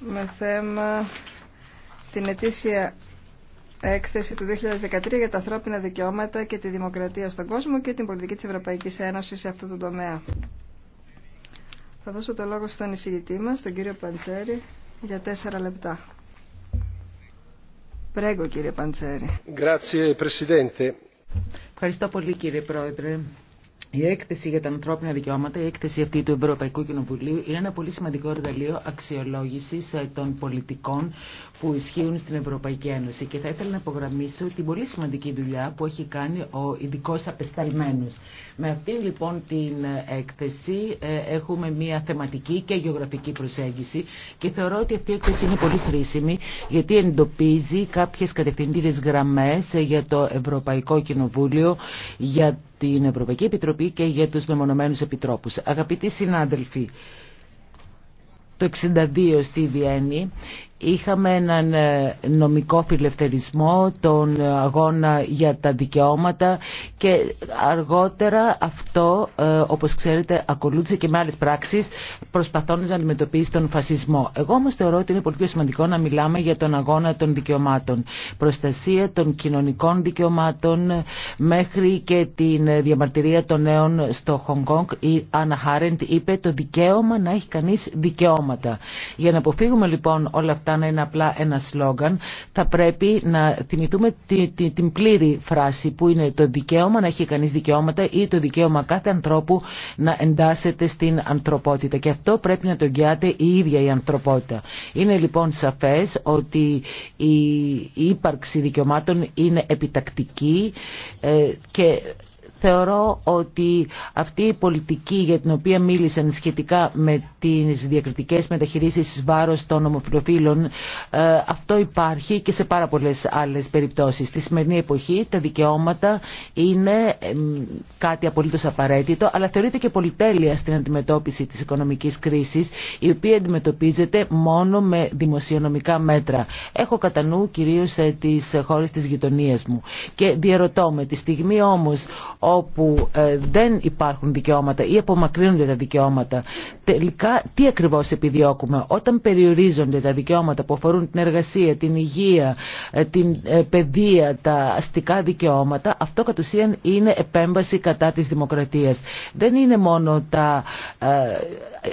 με θέμα την ετήσια έκθεση του 2013 για τα ανθρώπινα δικαιώματα και τη δημοκρατία στον κόσμο και την πολιτική της Ευρωπαϊκής Ένωσης σε αυτό το τομέα. Θα δώσω το λόγο στον εισηγητή μας, τον κύριο Παντσέρη, για τέσσερα λεπτά. Πρέγκο κύριε Παντσέρη. Ευχαριστώ πολύ κύριε Πρόεδρε. Η έκθεση για τα ανθρώπινα δικαιώματα, η έκθεση αυτή του Ευρωπαϊκού Κοινοβουλίου, είναι ένα πολύ σημαντικό εργαλείο αξιολόγηση ε, των πολιτικών που ισχύουν στην Ευρωπαϊκή Ένωση. Και θα ήθελα να απογραμμίσω την πολύ σημαντική δουλειά που έχει κάνει ο ειδικό απεσταλμένο. Με αυτή λοιπόν την ε, έκθεση ε, έχουμε μια θεματική και γεωγραφική προσέγγιση και θεωρώ ότι αυτή η έκθεση είναι πολύ χρήσιμη γιατί εντοπίζει κάποιε κατευθυντήρε γραμμέ για το Ευρωπαϊκό Κοινοβούλιο, για την Ευρωπαϊκή Επιτροπή και για τους μεμονωμένους επιτρόπους. Αγαπητοί συνάδελφοι, το 62 στη Βιέννη Είχαμε έναν ε, νομικό φιλευθερισμό, τον αγώνα για τα δικαιώματα και αργότερα αυτό, ε, όπως ξέρετε, ακολούθησε και με άλλες πράξεις προσπαθώντας να αντιμετωπίσει τον φασισμό. Εγώ όμως θεωρώ ότι είναι πολύ πιο σημαντικό να μιλάμε για τον αγώνα των δικαιωμάτων. Προστασία των κοινωνικών δικαιωμάτων μέχρι και την ε, διαμαρτυρία των νέων στο Χονγκ Η Άννα Χάρεντ είπε το δικαίωμα να έχει κανείς δικαιώματα. Για να αποφύγουμε λοιπόν όλα αυτά αυτά να είναι απλά ένα σλόγγαν. Θα πρέπει να θυμηθούμε την πλήρη φράση που είναι το δικαίωμα να έχει κανείς δικαιώματα ή το δικαίωμα κάθε ανθρώπου να εντάσσεται στην ανθρωπότητα. Και αυτό πρέπει να το εγγυάται η ίδια η ανθρωπότητα. Είναι λοιπόν σαφές ότι η ύπαρξη δικαιωμάτων είναι επιτακτική ε, και Θεωρώ ότι αυτή η πολιτική για την οποία μίλησαν σχετικά με τις διακριτικές μεταχειρήσεις βάρος των ομοφυλοφίλων ε, αυτό υπάρχει και σε πάρα πολλές άλλες περιπτώσεις. Στη σημερινή εποχή τα δικαιώματα είναι κάτι απολύτως απαραίτητο αλλά θεωρείται και πολυτέλεια στην αντιμετώπιση της οικονομικής κρίσης η οποία αντιμετωπίζεται μόνο με δημοσιονομικά μέτρα. Έχω κατά νου κυρίως ε, τις χώρες της γειτονίας μου και διαρωτώ με τη στιγμή όμως όπου ε, δεν υπάρχουν δικαιώματα ή απομακρύνονται τα δικαιώματα. Τελικά τι ακριβώς επιδιώκουμε όταν περιορίζονται τα δικαιώματα που αφορούν την εργασία, την υγεία, ε, την ε, παιδεία, τα αστικά δικαιώματα, αυτό κατ' ουσίαν είναι επέμβαση κατά της δημοκρατίας. Δεν είναι μόνο τα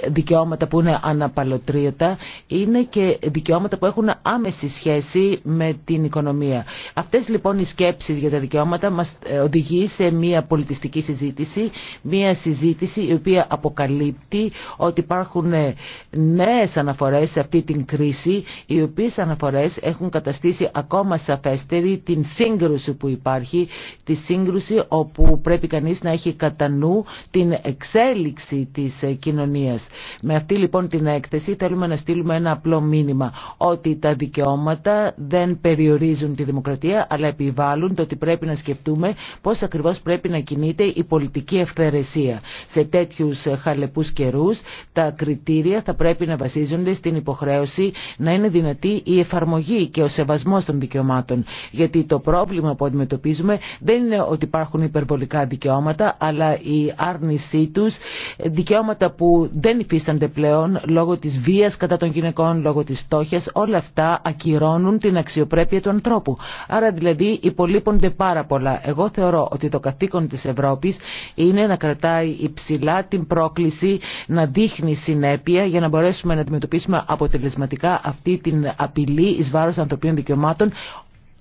δικαιώματα που είναι αναπαλωτρίωτα, είναι και δικαιώματα που έχουν άμεση σχέση με την οικονομία. Αυτές λοιπόν οι σκέψεις για τα δικαιώματα μας οδηγεί σε μια πολιτιστική συζήτηση, μια συζήτηση η οποία αποκαλύπτει ότι υπάρχουν ε, νέες αναφορές σε αυτή την κρίση, οι οποίες αναφορές έχουν καταστήσει ακόμα σαφέστερη την σύγκρουση που υπάρχει, τη σύγκρουση όπου πρέπει κανείς να έχει κατά νου την εξέλιξη της ε, κοινωνίας. Με αυτή λοιπόν την έκθεση θέλουμε να στείλουμε ένα απλό μήνυμα ότι τα δικαιώματα δεν περιορίζουν τη δημοκρατία αλλά επιβάλλουν το ότι πρέπει να σκεφτούμε πώς ακριβώς πρέπει να να κινείται η πολιτική ευθερεσία. Σε τέτοιους ε, χαλεπούς καιρούς τα κριτήρια θα πρέπει να βασίζονται στην υποχρέωση να είναι δυνατή η εφαρμογή και ο σεβασμός των δικαιωμάτων. Γιατί το πρόβλημα που αντιμετωπίζουμε δεν είναι ότι υπάρχουν υπερβολικά δικαιώματα, αλλά η άρνησή τους, δικαιώματα που δεν υφίστανται πλέον λόγω της βίας κατά των γυναικών, λόγω της φτώχειας, όλα αυτά ακυρώνουν την αξιοπρέπεια του ανθρώπου. Άρα δηλαδή υπολείπονται πάρα πολλά. Εγώ θεωρώ ότι το καθήκον της Ευρώπης είναι να κρατάει υψηλά την πρόκληση, να δείχνει συνέπεια για να μπορέσουμε να αντιμετωπίσουμε αποτελεσματικά αυτή την απειλή εις βάρος ανθρωπίνων δικαιωμάτων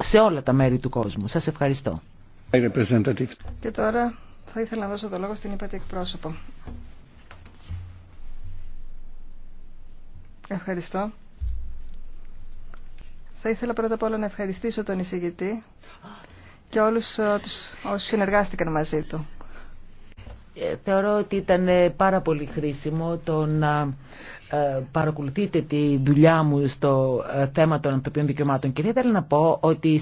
σε όλα τα μέρη του κόσμου. Σας ευχαριστώ. Και τώρα θα ήθελα να δώσω το λόγο στην υπάτη εκπρόσωπο. Ευχαριστώ. Θα ήθελα πρώτα απ' όλα να ευχαριστήσω τον εισηγητή και όλους ε, όσους συνεργάστηκαν μαζί του. Ε, θεωρώ ότι ήταν ε, πάρα πολύ χρήσιμο το να ε, παρακολουθείτε τη δουλειά μου στο ε, θέμα των ανθρωπίνων δικαιωμάτων και δεν ήθελα να πω ότι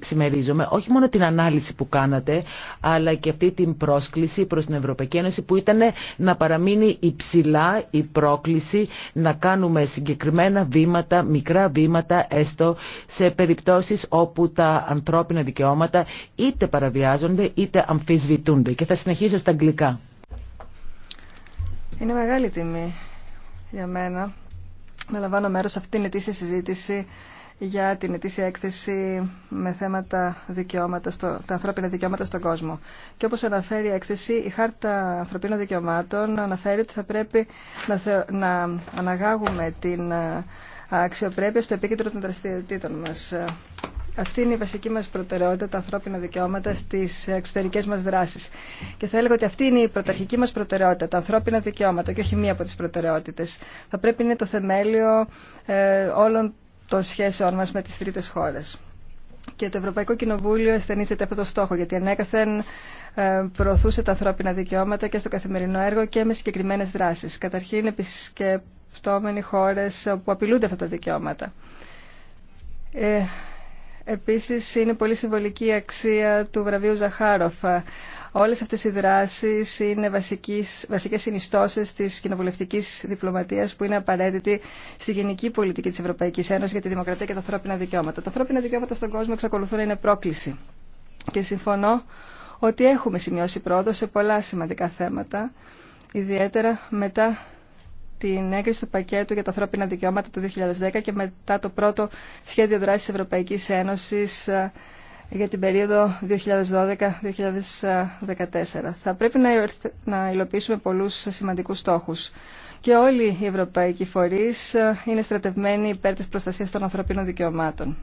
συμμερίζομαι όχι μόνο την ανάλυση που κάνατε αλλά και αυτή την πρόσκληση προς την Ευρωπαϊκή Ένωση που ήταν να παραμείνει υψηλά η πρόκληση να κάνουμε συγκεκριμένα βήματα, μικρά βήματα έστω σε περιπτώσεις όπου τα ανθρώπινα δικαιώματα είτε παραβιάζονται είτε αμφισβητούνται και θα συνεχίσω στα αγγλικά. Είναι μεγάλη τιμή για μένα να λαμβάνω μέρος σε αυτήν την ετήσια συζήτηση για την ετήσια έκθεση με θέματα δικαιώματα στο, τα ανθρώπινα δικαιώματα στον κόσμο. Και όπως αναφέρει η έκθεση, η Χάρτα Ανθρωπίνων Δικαιωμάτων αναφέρει ότι θα πρέπει να, να αναγάγουμε την ε, αξιοπρέπεια στο επίκεντρο των δραστηριοτήτων μας. Αυτή είναι η βασική μας προτεραιότητα, τα ανθρώπινα δικαιώματα στις εξωτερικές μας δράσεις. Και θα έλεγα ότι αυτή είναι η πρωταρχική μας προτεραιότητα, τα ανθρώπινα δικαιώματα και όχι μία από τις προτεραιότητες. Θα πρέπει να είναι το θεμέλιο ε, όλων των σχέσεων μας με τις τρίτες χώρες. Και το Ευρωπαϊκό Κοινοβούλιο αισθενίζεται αυτό το στόχο, γιατί ανέκαθεν ε, προωθούσε τα ανθρώπινα δικαιώματα και στο καθημερινό έργο και με συγκεκριμένε δράσει. Καταρχήν, επισκεπτόμενοι χώρε που απειλούνται αυτά τα δικαιώματα. Ε, Επίσης είναι πολύ συμβολική η αξία του βραβείου Ζαχάροφα. Όλες αυτές οι δράσεις είναι βασικές, βασικές συνιστώσεις της κοινοβουλευτικής διπλωματίας που είναι απαραίτητη στη γενική πολιτική της Ευρωπαϊκής Ένωσης για τη δημοκρατία και τα ανθρώπινα δικαιώματα. Τα ανθρώπινα δικαιώματα στον κόσμο εξακολουθούν να είναι πρόκληση. Και συμφωνώ ότι έχουμε σημειώσει πρόοδο σε πολλά σημαντικά θέματα, ιδιαίτερα μετά την έγκριση του πακέτου για τα ανθρώπινα δικαιώματα το 2010 και μετά το πρώτο σχέδιο δράσης Ευρωπαϊκής Ένωσης ε, για την περίοδο 2012-2014. Θα πρέπει να υλοποιήσουμε πολλούς σημαντικούς στόχους. Και όλοι οι ευρωπαϊκοί φορείς ε, είναι στρατευμένοι υπέρ της προστασίας των ανθρωπίνων δικαιωμάτων.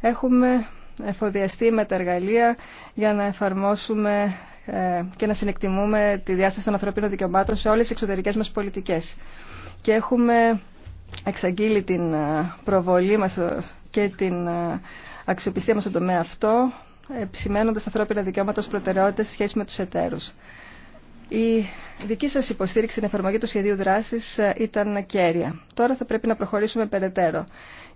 Έχουμε εφοδιαστεί με τα εργαλεία για να εφαρμόσουμε ε, και να συνεκτιμούμε τη διάσταση των ανθρωπίνων δικαιωμάτων σε όλες τις εξωτερικές μας πολιτικές. Και έχουμε εξαγγείλει την ε, προβολή μας ε, και την αξιοπιστία μας στον τομέα αυτό, επισημένοντας τα ανθρώπινα δικαιώματα ως προτεραιότητες σχέση με τους εταίρους. Η δική σας υποστήριξη στην εφαρμογή του σχεδίου δράσης ήταν κέρια. Τώρα θα πρέπει να προχωρήσουμε περαιτέρω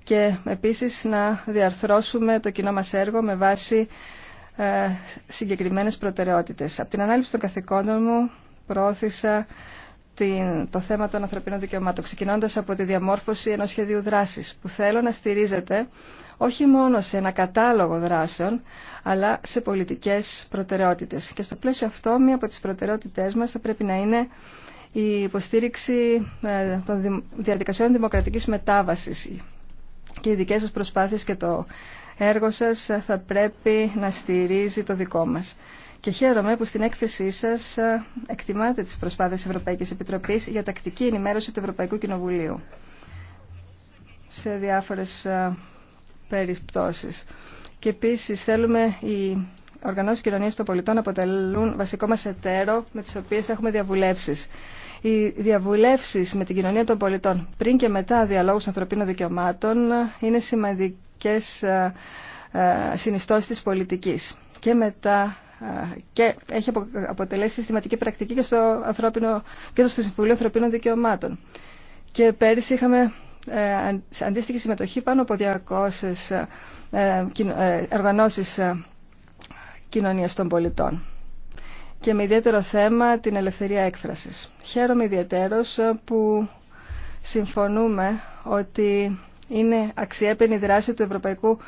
και επίσης να διαρθρώσουμε το κοινό μας έργο με βάση ε, συγκεκριμένες προτεραιότητες. Από την ανάληψη των καθηκόντων μου προώθησα το θέμα των ανθρωπίνων δικαιωμάτων, ξεκινώντας από τη διαμόρφωση ενός σχεδίου δράσης, που θέλω να στηρίζεται όχι μόνο σε ένα κατάλογο δράσεων, αλλά σε πολιτικές προτεραιότητες. Και στο πλαίσιο αυτό, μία από τις προτεραιότητές μας θα πρέπει να είναι η υποστήριξη ε, των διαδικασιών δημοκρατικής μετάβασης και οι δικές σας προσπάθειες και το έργο σας θα πρέπει να στηρίζει το δικό μας. Και χαίρομαι που στην έκθεσή σας ε, εκτιμάτε τις προσπάθειες Ευρωπαϊκής Επιτροπής για τακτική ενημέρωση του Ευρωπαϊκού Κοινοβουλίου σε διάφορες ε, περιπτώσεις. Και επίσης θέλουμε οι οργανώσει κοινωνία των πολιτών αποτελούν βασικό μα εταίρο με τις οποίες έχουμε διαβουλεύσει. Οι διαβουλεύσει με την κοινωνία των πολιτών πριν και μετά διαλόγου ανθρωπίνων δικαιωμάτων είναι σημαντικές πολιτικές ε, ε, συνιστώσεις της πολιτικής. Και μετά ε, και έχει αποτελέσει συστηματική πρακτική και στο, ανθρώπινο, και στο Συμβουλίο Ανθρωπίνων Δικαιωμάτων. Και πέρυσι είχαμε αντίστοιχη συμμετοχή πάνω από 200 οργανώσεις κοινωνίας των πολιτών και με ιδιαίτερο θέμα την ελευθερία έκφρασης. Χαίρομαι ιδιαίτερος που συμφωνούμε ότι είναι αξιέπαινη δράση του Ευρωπαϊκού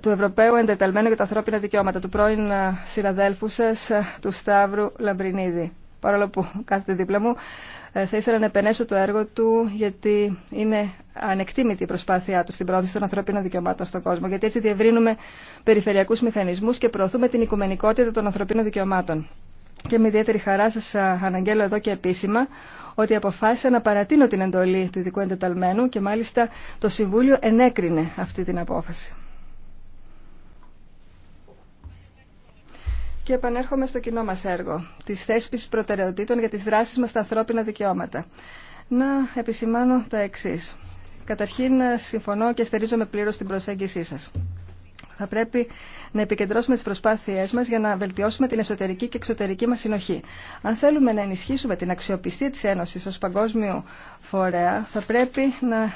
του Ευρωπαίου Εντεταλμένου για τα Ανθρώπινα Δικαιώματα, του πρώην συναδέλφου σα, του Σταύρου Λαμπρινίδη. Παρόλο που κάθεται δίπλα μου, ε, θα ήθελα να επενέσω το έργο του, γιατί είναι ανεκτήμητη η προσπάθειά του στην πρόθεση των ανθρωπίνων δικαιωμάτων στον κόσμο. Γιατί έτσι διευρύνουμε περιφερειακού μηχανισμού και προωθούμε την οικουμενικότητα των ανθρωπίνων δικαιωμάτων. Και με ιδιαίτερη χαρά σα αναγγέλω εδώ και επίσημα ότι αποφάσισα να παρατείνω την εντολή του ειδικού εντεταλμένου και μάλιστα το Συμβούλιο ενέκρινε αυτή την απόφαση. Και επανέρχομαι στο κοινό μας έργο, της θέσπισης προτεραιοτήτων για τις δράσεις μας στα ανθρώπινα δικαιώματα. Να επισημάνω τα εξής. Καταρχήν, συμφωνώ και στερίζομαι πλήρως την προσέγγισή σας. Θα πρέπει να επικεντρώσουμε τι προσπάθειές μας για να βελτιώσουμε την εσωτερική και εξωτερική μας συνοχή. Αν θέλουμε να ενισχύσουμε την αξιοπιστία της Ένωσης ως παγκόσμιο φορέα, θα πρέπει να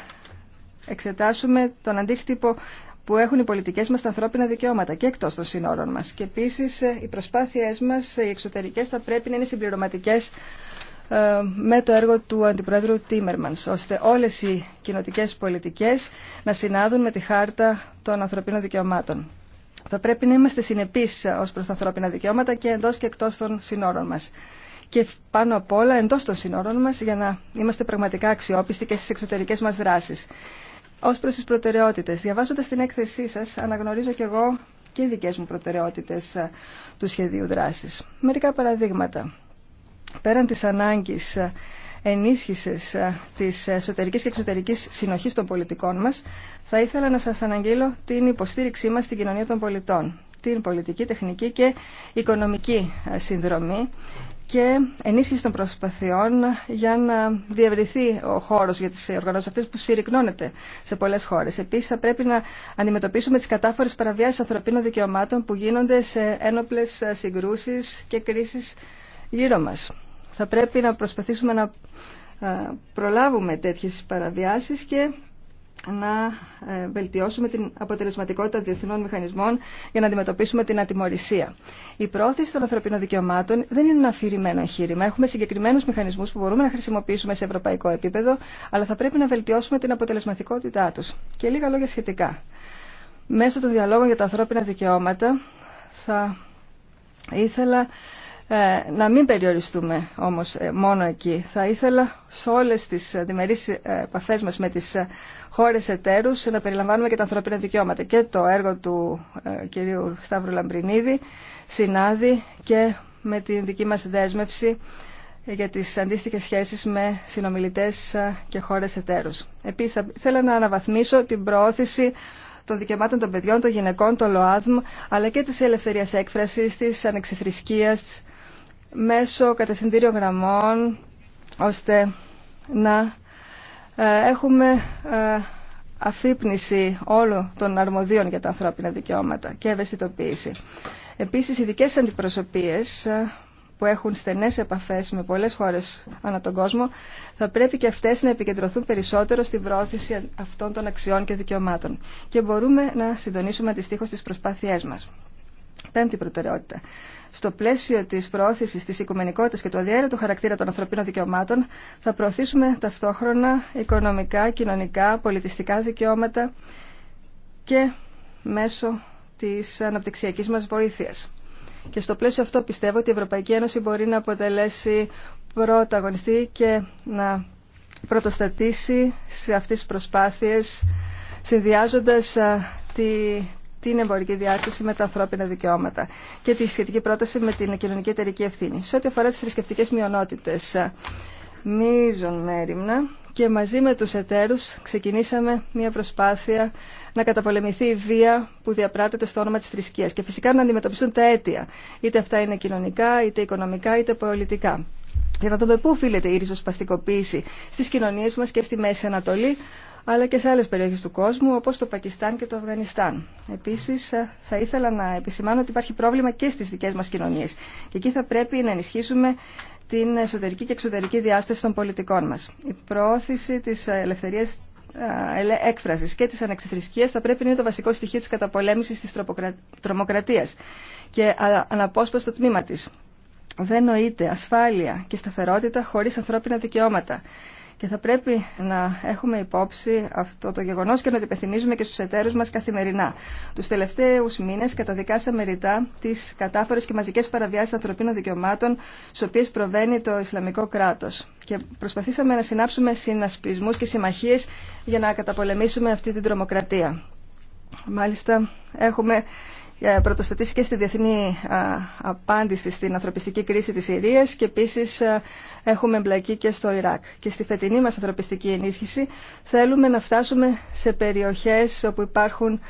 εξετάσουμε τον αντίκτυπο που έχουν οι πολιτικές μας τα ανθρώπινα δικαιώματα και εκτός των σύνορων μας. Και επίση ε, οι προσπάθειε μα, ε, οι εξωτερικέ, θα πρέπει να είναι συμπληρωματικέ. Ε, με το έργο του Αντιπρόεδρου Τίμερμανς, ώστε όλες οι κοινοτικές πολιτικές να συνάδουν με τη χάρτα των ανθρωπίνων δικαιωμάτων. Θα πρέπει να είμαστε συνεπείς ως προς τα ανθρώπινα δικαιώματα και εντός και εκτός των συνόρων μας. Και πάνω απ' όλα εντός των συνόρων μας για να είμαστε πραγματικά αξιόπιστοι και στις εξωτερικές μας δράσεις. Ως προς τις προτεραιότητες, διαβάζοντας την έκθεσή σας, αναγνωρίζω κι εγώ και οι δικές μου προτεραιότητες ε, του σχεδίου δράσης. Μερικά παραδείγματα πέραν της ανάγκης ε, ενίσχυσης ε, της εσωτερικής και εξωτερικής συνοχής των πολιτικών μας, θα ήθελα να σας αναγγείλω την υποστήριξή μας στην κοινωνία των πολιτών, την πολιτική, τεχνική και οικονομική ε, συνδρομή και ενίσχυση των προσπαθειών για να διευρυθεί ο χώρος για τις οργανώσεις αυτές που συρρυκνώνεται σε πολλές χώρες. Επίσης θα πρέπει να αντιμετωπίσουμε τις κατάφορες παραβιάσεις ανθρωπίνων δικαιωμάτων που γίνονται σε ένοπλες συγκρούσεις και κρίσεις γύρω μας. Θα πρέπει να προσπαθήσουμε να ε, προλάβουμε τέτοιες παραβιάσεις και να ε, βελτιώσουμε την αποτελεσματικότητα διεθνών μηχανισμών για να αντιμετωπίσουμε την ατιμορρησία. Η πρόθεση των ανθρωπίνων δικαιωμάτων δεν είναι ένα αφηρημένο εγχείρημα. Έχουμε συγκεκριμένου μηχανισμού που μπορούμε να χρησιμοποιήσουμε σε ευρωπαϊκό επίπεδο, αλλά θα πρέπει να βελτιώσουμε την αποτελεσματικότητά του. Και λίγα λόγια σχετικά. Μέσω των διαλόγων για τα ανθρώπινα δικαιώματα θα ήθελα ε, να μην περιοριστούμε όμως ε, μόνο εκεί. Θα ήθελα σε όλες τις ε, διμερείς επαφές μας με τις χώρες εταίρους να περιλαμβάνουμε και τα ανθρώπινα δικαιώματα. Και το έργο του κυρίου Σταύρου Λαμπρινίδη συνάδει και με την δική μας δέσμευση για τις αντίστοιχες σχέσεις με συνομιλητές και χώρες εταίρους. Επίσης, θέλω να αναβαθμίσω την προώθηση των δικαιωμάτων των παιδιών, των γυναικών, των ΛΟΑΔΜ, αλλά και της ελευθερίας έκφρασης, της ανεξιθρησκείας, μέσω κατευθυντήριων γραμμών ώστε να ε, έχουμε ε, αφύπνιση όλων των αρμοδίων για τα ανθρώπινα δικαιώματα και ευαισθητοποίηση. Επίσης, ειδικέ αντιπροσωπείες ε, που έχουν στενές επαφές με πολλές χώρες ανά τον κόσμο θα πρέπει και αυτές να επικεντρωθούν περισσότερο στη πρόθεση αυτών των αξιών και δικαιωμάτων και μπορούμε να συντονίσουμε αντιστοίχως τις προσπάθειές μας. Πέμπτη προτεραιότητα στο πλαίσιο τη προώθηση τη οικουμενικότητα και του αδιαίρετου χαρακτήρα των ανθρωπίνων δικαιωμάτων, θα προωθήσουμε ταυτόχρονα οικονομικά, κοινωνικά, πολιτιστικά δικαιώματα και μέσω της αναπτυξιακής μας βοήθειας. Και στο πλαίσιο αυτό πιστεύω ότι η Ευρωπαϊκή Ένωση μπορεί να αποτελέσει πρωταγωνιστή και να πρωτοστατήσει σε αυτές τις προσπάθειες συνδυάζοντας τη, την εμπορική διάσταση με τα ανθρώπινα δικαιώματα και τη σχετική πρόταση με την κοινωνική εταιρική ευθύνη. Σε ό,τι αφορά τι θρησκευτικέ μειονότητε, μίζων μέρημνα και μαζί με τους εταίρους ξεκινήσαμε μια προσπάθεια να καταπολεμηθεί η βία που διαπράτεται στο όνομα της θρησκείας και φυσικά να αντιμετωπιστούν τα αίτια, είτε αυτά είναι κοινωνικά, είτε οικονομικά, είτε πολιτικά. Για να δούμε πού οφείλεται η ριζοσπαστικοποίηση στις κοινωνίε μας και στη Μέση Ανατολή, αλλά και σε άλλες περιοχές του κόσμου, όπως το Πακιστάν και το Αφγανιστάν. Επίσης, ε, θα ήθελα να επισημάνω ότι υπάρχει πρόβλημα και στις δικές μας κοινωνίες. Και εκεί θα πρέπει να ενισχύσουμε την εσωτερική και εξωτερική διάσταση των πολιτικών μας. Η προώθηση της ελευθερίας ε, έκφρασης και της ανεξιθρησκείας θα πρέπει να είναι το βασικό στοιχείο της καταπολέμησης της τρομοκρατίας και αναπόσπαστο τμήμα της. Δεν νοείται ασφάλεια και σταθερότητα χωρίς ανθρώπινα δικαιώματα. Και θα πρέπει να έχουμε υπόψη αυτό το γεγονός και να το υπενθυμίζουμε και στους εταίρου μας καθημερινά. Τους τελευταίους μήνες καταδικάσαμε ρητά τις κατάφορες και μαζικές παραβιάσεις ανθρωπίνων δικαιωμάτων στις οποίες προβαίνει το Ισλαμικό κράτος. Και προσπαθήσαμε να συνάψουμε συνασπισμούς και συμμαχίες για να καταπολεμήσουμε αυτή την τρομοκρατία. Μάλιστα έχουμε ε, πρωτοστατήσει και στη διεθνή ε, απάντηση στην ανθρωπιστική κρίση της Συρίας και επίσης ε, έχουμε εμπλακεί και στο Ιράκ. Και στη φετινή μας ανθρωπιστική ενίσχυση θέλουμε να φτάσουμε σε περιοχές όπου υπάρχουν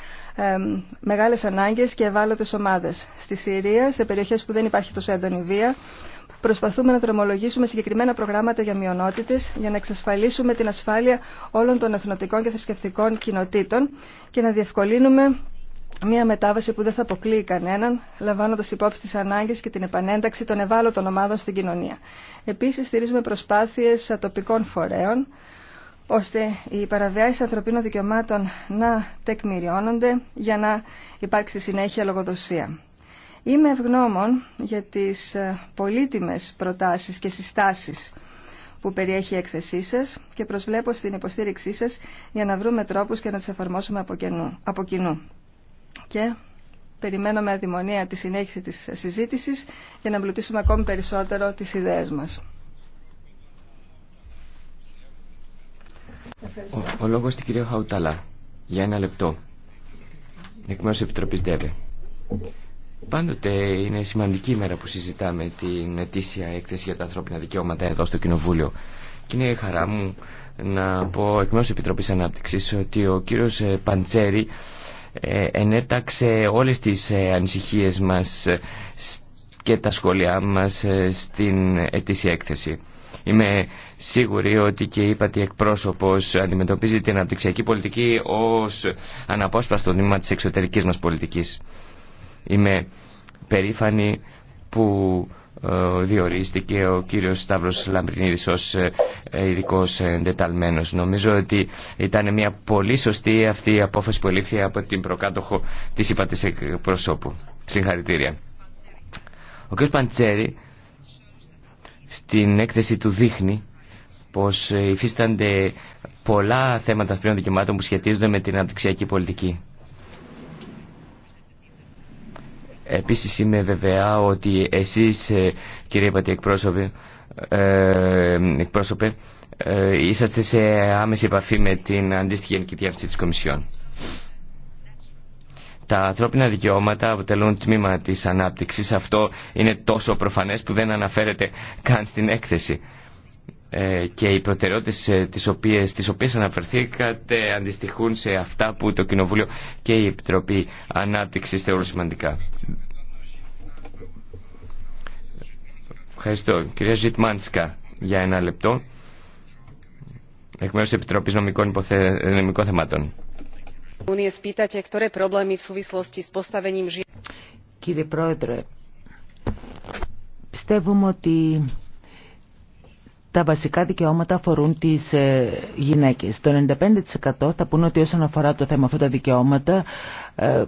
μεγάλες ανάγκες και ευάλωτες ομάδες. Στη Συρία, σε περιοχές που δεν υπάρχει τόσο έντονη βία, προσπαθούμε να τρομολογήσουμε συγκεκριμένα προγράμματα για μειονότητε για να εξασφαλίσουμε την ασφάλεια όλων των εθνοτικών και θρησκευτικών κοινοτήτων και να διευκολύνουμε Μία μετάβαση που δεν θα αποκλείει κανέναν, λαμβάνοντα υπόψη τι ανάγκε και την επανένταξη των ευάλωτων ομάδων στην κοινωνία. Επίση, στηρίζουμε προσπάθειε ατοπικών φορέων, ώστε οι παραβιάσει ανθρωπίνων δικαιωμάτων να τεκμηριώνονται για να υπάρξει συνέχεια λογοδοσία. Είμαι ευγνώμων για τις ε, πολύτιμες προτάσεις και συστάσεις που περιέχει η έκθεσή σας και προσβλέπω στην υποστήριξή σας για να βρούμε τρόπους και να τις εφαρμόσουμε από κοινού και περιμένω με αδημονία τη συνέχιση της συζήτησης για να εμπλουτίσουμε ακόμη περισσότερο τις ιδέες μας. Ο, ο λόγος στην κυρία Χαουταλά. Για ένα λεπτό. Εκ μέρους Επιτροπής ΔΕΒΕ. Πάντοτε είναι σημαντική ημέρα μέρα που συζητάμε την ετήσια έκθεση για τα ανθρώπινα δικαιώματα εδώ στο Κοινοβούλιο. Και είναι η χαρά μου να πω εκ μέρους Επιτροπής Ανάπτυξης ότι ο κύριος ε, Παντσέρη ε, ενέταξε όλες τις ε, ανησυχίες μας ε, και τα σχόλιά μας στην ετήσια έκθεση. Είμαι σίγουρη ότι και είπα ότι εκπρόσωπος αντιμετωπίζει την αναπτυξιακή πολιτική ως αναπόσπαστο νήμα της εξωτερικής μας πολιτικής. Είμαι περήφανη που ε, διορίστηκε ο κύριος Σταύρος Λαμπρινίδης ως ε, ε, ειδικό εντεταλμένος. Νομίζω ότι ήταν μια πολύ σωστή αυτή η απόφαση που ελήφθη από την προκάτοχο της είπατης προσώπου. Συγχαρητήρια. Ο κ. Παντσέρη στην έκθεση του δείχνει πως υφίστανται πολλά θέματα πριν δικαιωμάτων που σχετίζονται με την αναπτυξιακή πολιτική. Επίσης είμαι βεβαιά ότι εσείς ε, κύριε Πατή εκπρόσωπε, ε, ε, είσαστε σε άμεση επαφή με την αντίστοιχη γενική διεύθυνση της Κομισιόν. Τα ανθρώπινα δικαιώματα αποτελούν τμήμα της ανάπτυξης. Αυτό είναι τόσο προφανές που δεν αναφέρεται καν στην έκθεση. Ε, και οι προτεραιότητες ε, τις οποίες, τις οποίες αναφερθήκατε αντιστοιχούν σε αυτά που το Κοινοβούλιο και η Επιτροπή Ανάπτυξης θεωρούν σημαντικά. Ευχαριστώ. Κυρία Ζητμάνσκα, για ένα λεπτό. Εκ μέρους της Επιτροπής Νομικών, υποθε... Νομικών Θεμάτων. Κύριε Πρόεδρε, πιστεύουμε ότι τα βασικά δικαιώματα αφορούν τις ε, γυναίκες. Το 95% θα πούνε ότι όσον αφορά το θέμα αυτά τα δικαιώματα ε,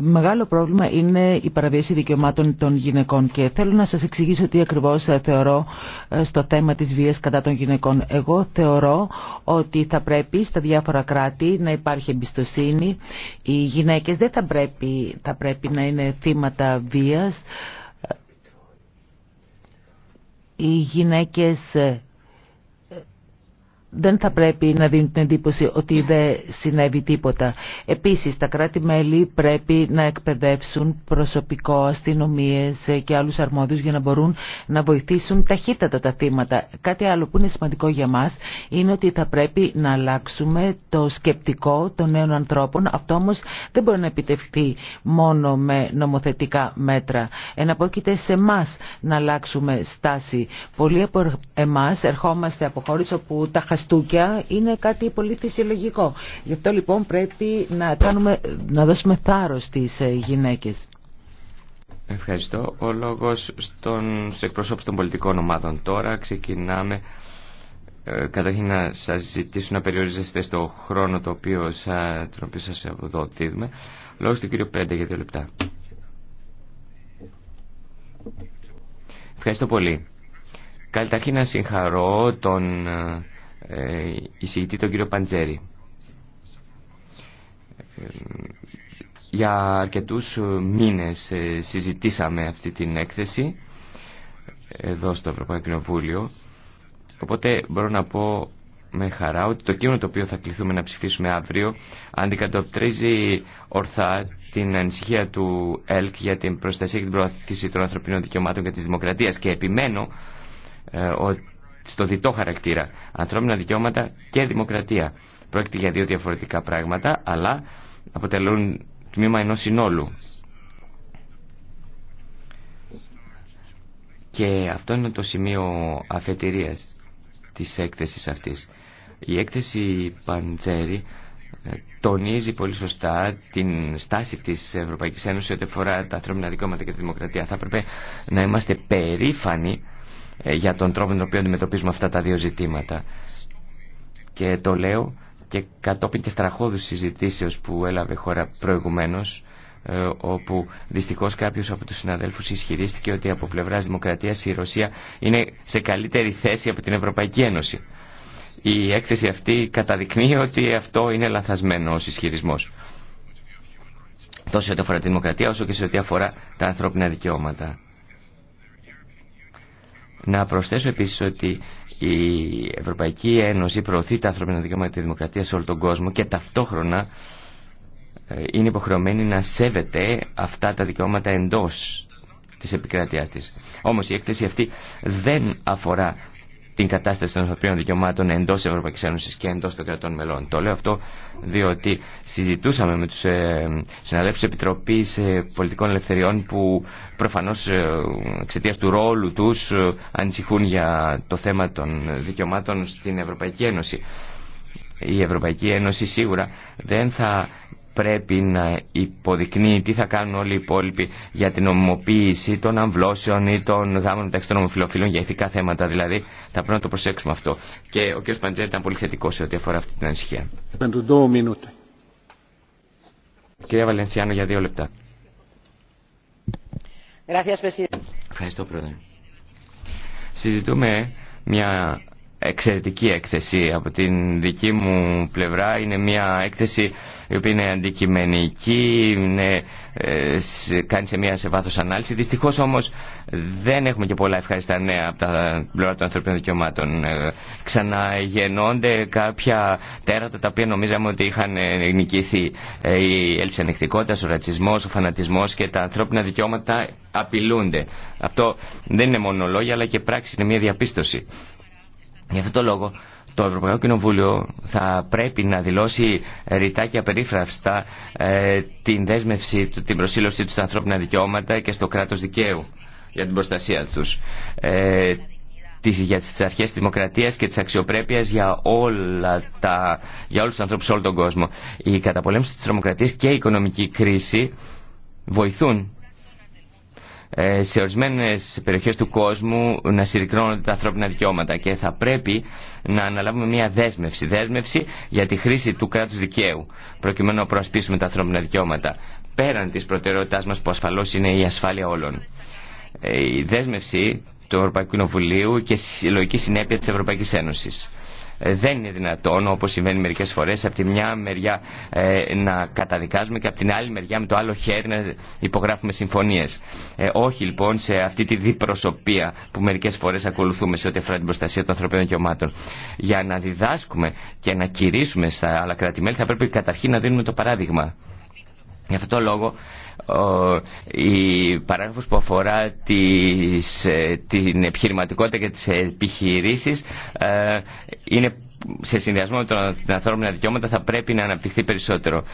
Μεγάλο πρόβλημα είναι η παραβίαση δικαιωμάτων των γυναικών και θέλω να σας εξηγήσω τι ακριβώς ε, θεωρώ στο θέμα της βίας κατά των γυναικών. Εγώ θεωρώ ότι θα πρέπει στα διάφορα κράτη να υπάρχει εμπιστοσύνη. Οι γυναίκες δεν θα πρέπει, πρέπει να είναι θύματα βίας. Οι γυναίκες δεν θα πρέπει να δίνουν την εντύπωση ότι δεν συνέβη τίποτα. Επίσης, τα κράτη-μέλη πρέπει να εκπαιδεύσουν προσωπικό, αστυνομίες και άλλους αρμόδιους για να μπορούν να βοηθήσουν ταχύτατα τα θύματα. Κάτι άλλο που είναι σημαντικό για μας είναι ότι θα πρέπει να αλλάξουμε το σκεπτικό των νέων ανθρώπων. Αυτό όμω δεν μπορεί να επιτευχθεί μόνο με νομοθετικά μέτρα. Εναπόκειται σε εμά να αλλάξουμε στάση. Πολλοί από εμά ερχόμαστε από όπου τα Τουκιά είναι κάτι πολύ φυσιολογικό. Γι' αυτό λοιπόν πρέπει να, κάνουμε, να δώσουμε θάρρος στις ε, γυναίκες. Ευχαριστώ. Ο λόγος στον, στους των πολιτικών ομάδων τώρα. Ξεκινάμε ε, καταρχήν να σας ζητήσω να περιορίζεστε στο χρόνο το οποίο, σα, τον οποίο σας δοτίδουμε. Λόγος του κύριου Πέντε για δύο λεπτά. Ευχαριστώ πολύ. Καταρχήν να συγχαρώ τον ε, ε, εισηγητή τον κύριο Παντζέρη. Ε, για αρκετούς μήνες ε, συζητήσαμε αυτή την έκθεση εδώ στο Ευρωπαϊκό Κοινοβούλιο οπότε μπορώ να πω με χαρά ότι το κείμενο το οποίο θα κληθούμε να ψηφίσουμε αύριο αντικατοπτρίζει ορθά την ανησυχία του ΕΛΚ για την προστασία και την προωθήση των ανθρωπίνων δικαιωμάτων και της δημοκρατίας και επιμένω ότι στο διτό χαρακτήρα. Ανθρώπινα δικαιώματα και δημοκρατία. Πρόκειται για δύο διαφορετικά πράγματα, αλλά αποτελούν τμήμα ενός συνόλου. Και αυτό είναι το σημείο αφετηρίας της έκθεσης αυτής. Η έκθεση Παντζέρη ε, τονίζει πολύ σωστά την στάση της Ευρωπαϊκής Ένωσης ό,τι αφορά τα ανθρώπινα δικαιώματα και τη δημοκρατία. Θα έπρεπε να είμαστε περήφανοι ε, για τον τρόπο με τον οποίο αντιμετωπίζουμε αυτά τα δύο ζητήματα. Και το λέω και κατόπιν και στραχώδους συζητήσεως που έλαβε η χώρα προηγουμένως ε, όπου δυστυχώς κάποιος από τους συναδέλφους ισχυρίστηκε ότι από πλευράς δημοκρατίας η Ρωσία είναι σε καλύτερη θέση από την Ευρωπαϊκή Ένωση. Η έκθεση αυτή καταδεικνύει ότι αυτό είναι λανθασμένο ως ισχυρισμός. Τόσο σε ό,τι αφορά τη δημοκρατία όσο και σε ό,τι αφορά τα ανθρώπινα δικαιώματα. Να προσθέσω επίσης ότι η Ευρωπαϊκή Ένωση προωθεί τα ανθρώπινα δικαιώματα και τη δημοκρατία σε όλο τον κόσμο και ταυτόχρονα ε, είναι υποχρεωμένη να σέβεται αυτά τα δικαιώματα εντός της επικράτειάς της. Όμω η έκθεση αυτή δεν αφορά την κατάσταση των ανθρωπίνων δικαιωμάτων εντό Ευρωπαϊκή Ένωση και εντό των κρατών μελών. Το λέω αυτό διότι συζητούσαμε με του ε, συναδέλφου τη Επιτροπή ε, Πολιτικών Ελευθεριών που προφανώ ε, εξαιτία του ρόλου του ανησυχούν για το θέμα των δικαιωμάτων στην Ευρωπαϊκή Ένωση. Η Ευρωπαϊκή Ένωση σίγουρα δεν θα πρέπει να υποδεικνύει τι θα κάνουν όλοι οι υπόλοιποι για την ομοποίηση των αμβλώσεων ή των γάμων μεταξύ των ομοφυλοφίλων για ηθικά θέματα. Δηλαδή θα πρέπει να το προσέξουμε αυτό. Και ο κ. Παντζέρη ήταν πολύ θετικό σε ό,τι αφορά αυτή την ανησυχία. Κυρία Βαλενσιάνο, για δύο λεπτά. Ευχαριστώ, Πρόεδρε. Συζητούμε μια εξαιρετική έκθεση. Από την δική μου πλευρά είναι μια έκθεση η οποία είναι αντικειμενική, είναι, ε, κάνει σε μια σε βάθος ανάλυση. Δυστυχώς όμως δεν έχουμε και πολλά ευχάριστα νέα από τα πλευρά των ανθρωπίνων δικαιωμάτων. Ε, ξαναγεννώνται κάποια τέρατα τα οποία νομίζαμε ότι είχαν ε, νικηθεί. Ε, η έλψη ανεκτικότητας, ο ρατσισμός, ο φανατισμός και τα ανθρώπινα δικαιώματα απειλούνται. Αυτό δεν είναι μόνο λόγια αλλά και πράξη, είναι μια διαπίστωση. Γι' αυτό τον λόγο το Ευρωπαϊκό Κοινοβούλιο θα πρέπει να δηλώσει ρητά και απερίφραυστα ε, την δέσμευση, την προσήλωσή του στα ανθρώπινα δικαιώματα και στο κράτος δικαίου για την προστασία τους. Ε, για τις αρχές της δημοκρατίας και της αξιοπρέπειας για, όλα τα, για όλους τους ανθρώπους σε όλο τον κόσμο. Η καταπολέμηση της τρομοκρατίας και η οικονομική κρίση βοηθούν ε, σε ορισμένε περιοχές του κόσμου να συρρυκνώνονται τα ανθρώπινα δικαιώματα και θα πρέπει να αναλάβουμε μια δέσμευση, δέσμευση για τη χρήση του κράτου δικαίου προκειμένου να προασπίσουμε τα ανθρώπινα δικαιώματα πέραν της προτεραιότητάς μας που ασφαλώ είναι η ασφάλεια όλων. Ε, η δέσμευση του Ευρωπαϊκού Κοινοβουλίου και η συλλογική συνέπεια τη Ευρωπαϊκή Ένωση. Ε, δεν είναι δυνατόν, όπως συμβαίνει μερικές φορές, από τη μια μεριά ε, να καταδικάζουμε και από την άλλη μεριά με το άλλο χέρι να υπογράφουμε συμφωνίες. Ε, όχι λοιπόν σε αυτή τη διπροσωπία που μερικές φορές ακολουθούμε σε ό,τι αφορά την προστασία των ανθρωπίνων δικαιωμάτων. Για να διδάσκουμε και να κηρύσουμε στα άλλα κράτη-μέλη θα πρέπει καταρχήν να δίνουμε το παράδειγμα. Γι' αυτό λόγο η παράγραφος που αφορά τις, ε, την επιχειρηματικότητα και τις επιχειρήσεις ε, είναι σε συνδυασμό με τα ανθρώπινα δικαιώματα θα πρέπει να αναπτυχθεί περισσότερο.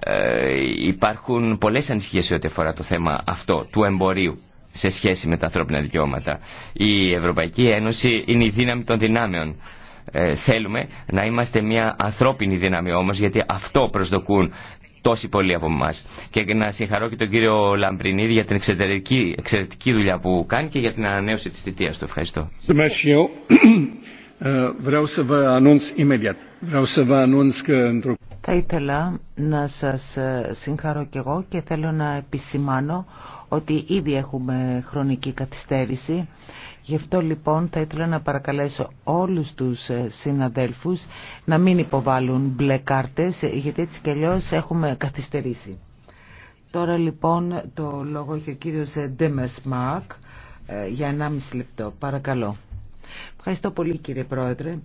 Ε, υπάρχουν πολλές ανησυχίες σε ό,τι αφορά το θέμα αυτό του εμπορίου σε σχέση με τα ανθρώπινα δικαιώματα. Η Ευρωπαϊκή Ένωση είναι η δύναμη των δυνάμεων. θέλουμε να είμαστε μια ανθρώπινη δύναμη όμως γιατί αυτό προσδοκούν τόσοι πολλοί από εμά. Και να συγχαρώ και τον κύριο Λαμπρινίδη για την εξαιρετική, εξαιρετική δουλειά που κάνει και για την ανανέωση τη θητεία του. Ευχαριστώ. Euh, vreau să vă anunț imediat. Vreau să vă anunț că într-o θα ήθελα να σας ε, συγχαρώ και εγώ και θέλω να επισημάνω ότι ήδη έχουμε χρονική καθυστέρηση. Γι' αυτό λοιπόν θα ήθελα να παρακαλέσω όλους τους ε, συναδέλφους να μην υποβάλουν μπλε κάρτες γιατί έτσι κι έχουμε καθυστερήσει. Τώρα λοιπόν το λόγο έχει ο κύριος ε, Ντέμερ για 1,5 λεπτό. Παρακαλώ. Ευχαριστώ πολύ κύριε Πρόεδρε.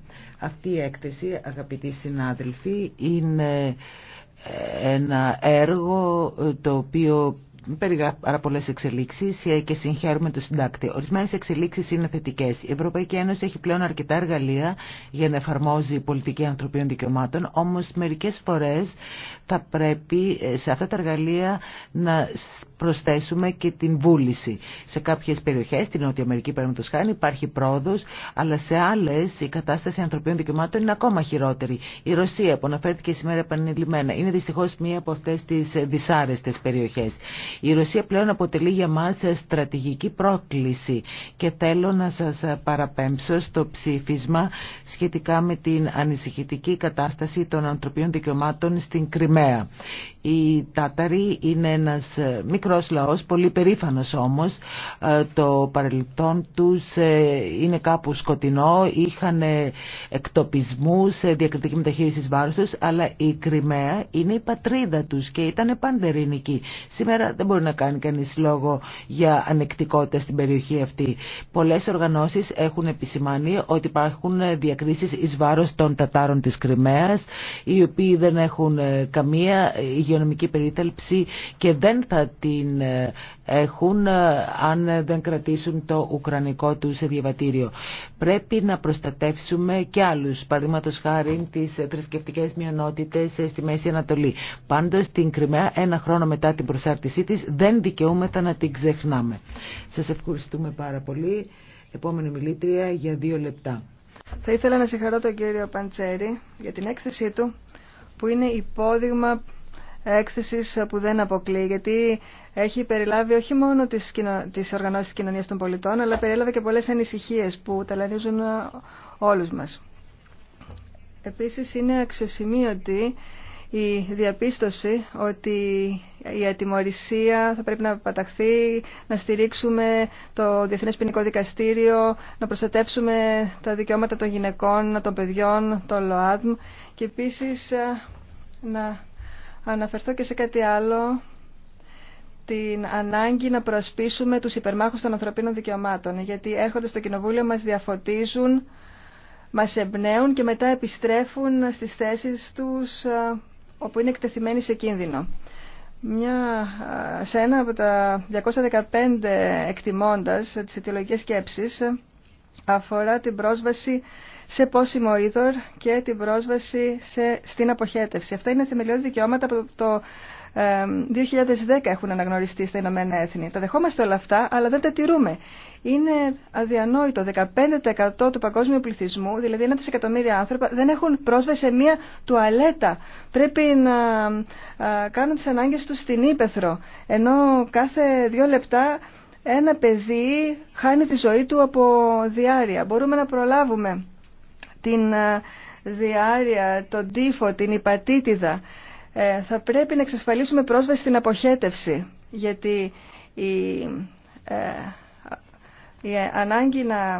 Αυτή η έκθεση, αγαπητοί συνάδελφοι, είναι ένα έργο το οποίο περιγράφει πάρα πολλέ εξελίξει ε, και συγχαίρουμε το συντάκτη. Ορισμένε εξελίξει είναι θετικέ. Η Ευρωπαϊκή Ένωση έχει πλέον αρκετά εργαλεία για να εφαρμόζει πολιτική ανθρωπίνων δικαιωμάτων, όμω μερικέ φορέ θα πρέπει ε, σε αυτά τα εργαλεία να προσθέσουμε και την βούληση. Σε κάποιε περιοχέ, στην Νότια Αμερική παραδείγματο χάνει, υπάρχει πρόοδο, αλλά σε άλλε η κατάσταση ανθρωπίνων δικαιωμάτων είναι ακόμα χειρότερη. Η Ρωσία, που αναφέρθηκε σήμερα επανειλημμένα, είναι δυστυχώ μία από αυτέ τι δυσάρεστε περιοχέ. Η Ρωσία πλέον αποτελεί για μας στρατηγική πρόκληση και θέλω να σας παραπέμψω στο ψήφισμα σχετικά με την ανησυχητική κατάσταση των ανθρωπίνων δικαιωμάτων στην Κρυμαία. Οι Τάταροι είναι ένας ε, μικρός λαός, πολύ περήφανος όμως. Ε, το παρελθόν τους ε, είναι κάπου σκοτεινό, είχαν εκτοπισμούς, διακριτική μεταχείριση βάρους τους, αλλά η Κρυμαία είναι η πατρίδα τους και ήταν παντερίνικη. Σήμερα δεν μπορεί να κάνει κανείς λόγο για ανεκτικότητα στην περιοχή αυτή. Πολλές οργανώσεις έχουν επισημάνει ότι υπάρχουν διακρίσεις εις βάρος των Τατάρων της Κρυμαίας, οι οποίοι δεν έχουν καμία υγειονομική περίθαλψη και δεν θα την ε, έχουν ε, αν δεν κρατήσουν το ουκρανικό σε διαβατήριο. Πρέπει να προστατεύσουμε και άλλους, παραδείγματο χάρη τις θρησκευτικέ μειονότητε στη Μέση Ανατολή. Πάντως την Κρυμαία ένα χρόνο μετά την προσάρτησή της δεν δικαιούμεθα να την ξεχνάμε. Σας ευχαριστούμε πάρα πολύ. Επόμενη μιλήτρια για δύο λεπτά. Θα ήθελα να συγχαρώ τον κύριο Παντσέρη για την έκθεσή του που είναι υπόδειγμα έκθεσης που δεν αποκλεί, γιατί έχει περιλάβει όχι μόνο τις, κοινο... τις οργανώσεις της κοινωνίας των πολιτών, αλλά περιλάβει και πολλές ανησυχίες που ταλανίζουν όλους μας. Επίσης είναι αξιοσημείωτη η διαπίστωση ότι η ατιμορρησία θα πρέπει να παταχθεί, να στηρίξουμε το Διεθνές Ποινικό Δικαστήριο, να προστατεύσουμε τα δικαιώματα των γυναικών, των παιδιών, των ΛΟΑΔΜ και επίσης να αναφερθώ και σε κάτι άλλο, την ανάγκη να προασπίσουμε τους υπερμάχους των ανθρωπίνων δικαιωμάτων, γιατί έρχονται στο Κοινοβούλιο, μας διαφωτίζουν, μας εμπνέουν και μετά επιστρέφουν στις θέσεις τους ε, όπου είναι εκτεθειμένοι σε κίνδυνο. Μια, ε, σε ένα από τα 215 εκτιμώντας τις αιτιολογικές σκέψεις ε, αφορά την πρόσβαση σε πόσιμο είδωρ και την πρόσβαση σε, στην αποχέτευση. Αυτά είναι θεμελιώδη δικαιώματα που το 2010 έχουν αναγνωριστεί στα Ηνωμένα Έθνη. Τα δεχόμαστε όλα αυτά, αλλά δεν τα τηρούμε. Είναι αδιανόητο. 15% του παγκόσμιου πληθυσμού, δηλαδή 1 δισεκατομμύρια άνθρωπα, δεν έχουν πρόσβαση σε μία τουαλέτα. Πρέπει να κάνουν τις ανάγκες τους στην ύπεθρο. Ενώ κάθε δύο λεπτά ένα παιδί χάνει τη ζωή του από διάρρεια. Μπορούμε να προλάβουμε την ε, διάρρεια, τον τύφο, την υπατήτηδα. Ε, θα πρέπει να εξασφαλίσουμε πρόσβαση στην αποχέτευση, γιατί ε, η, ανάγκη να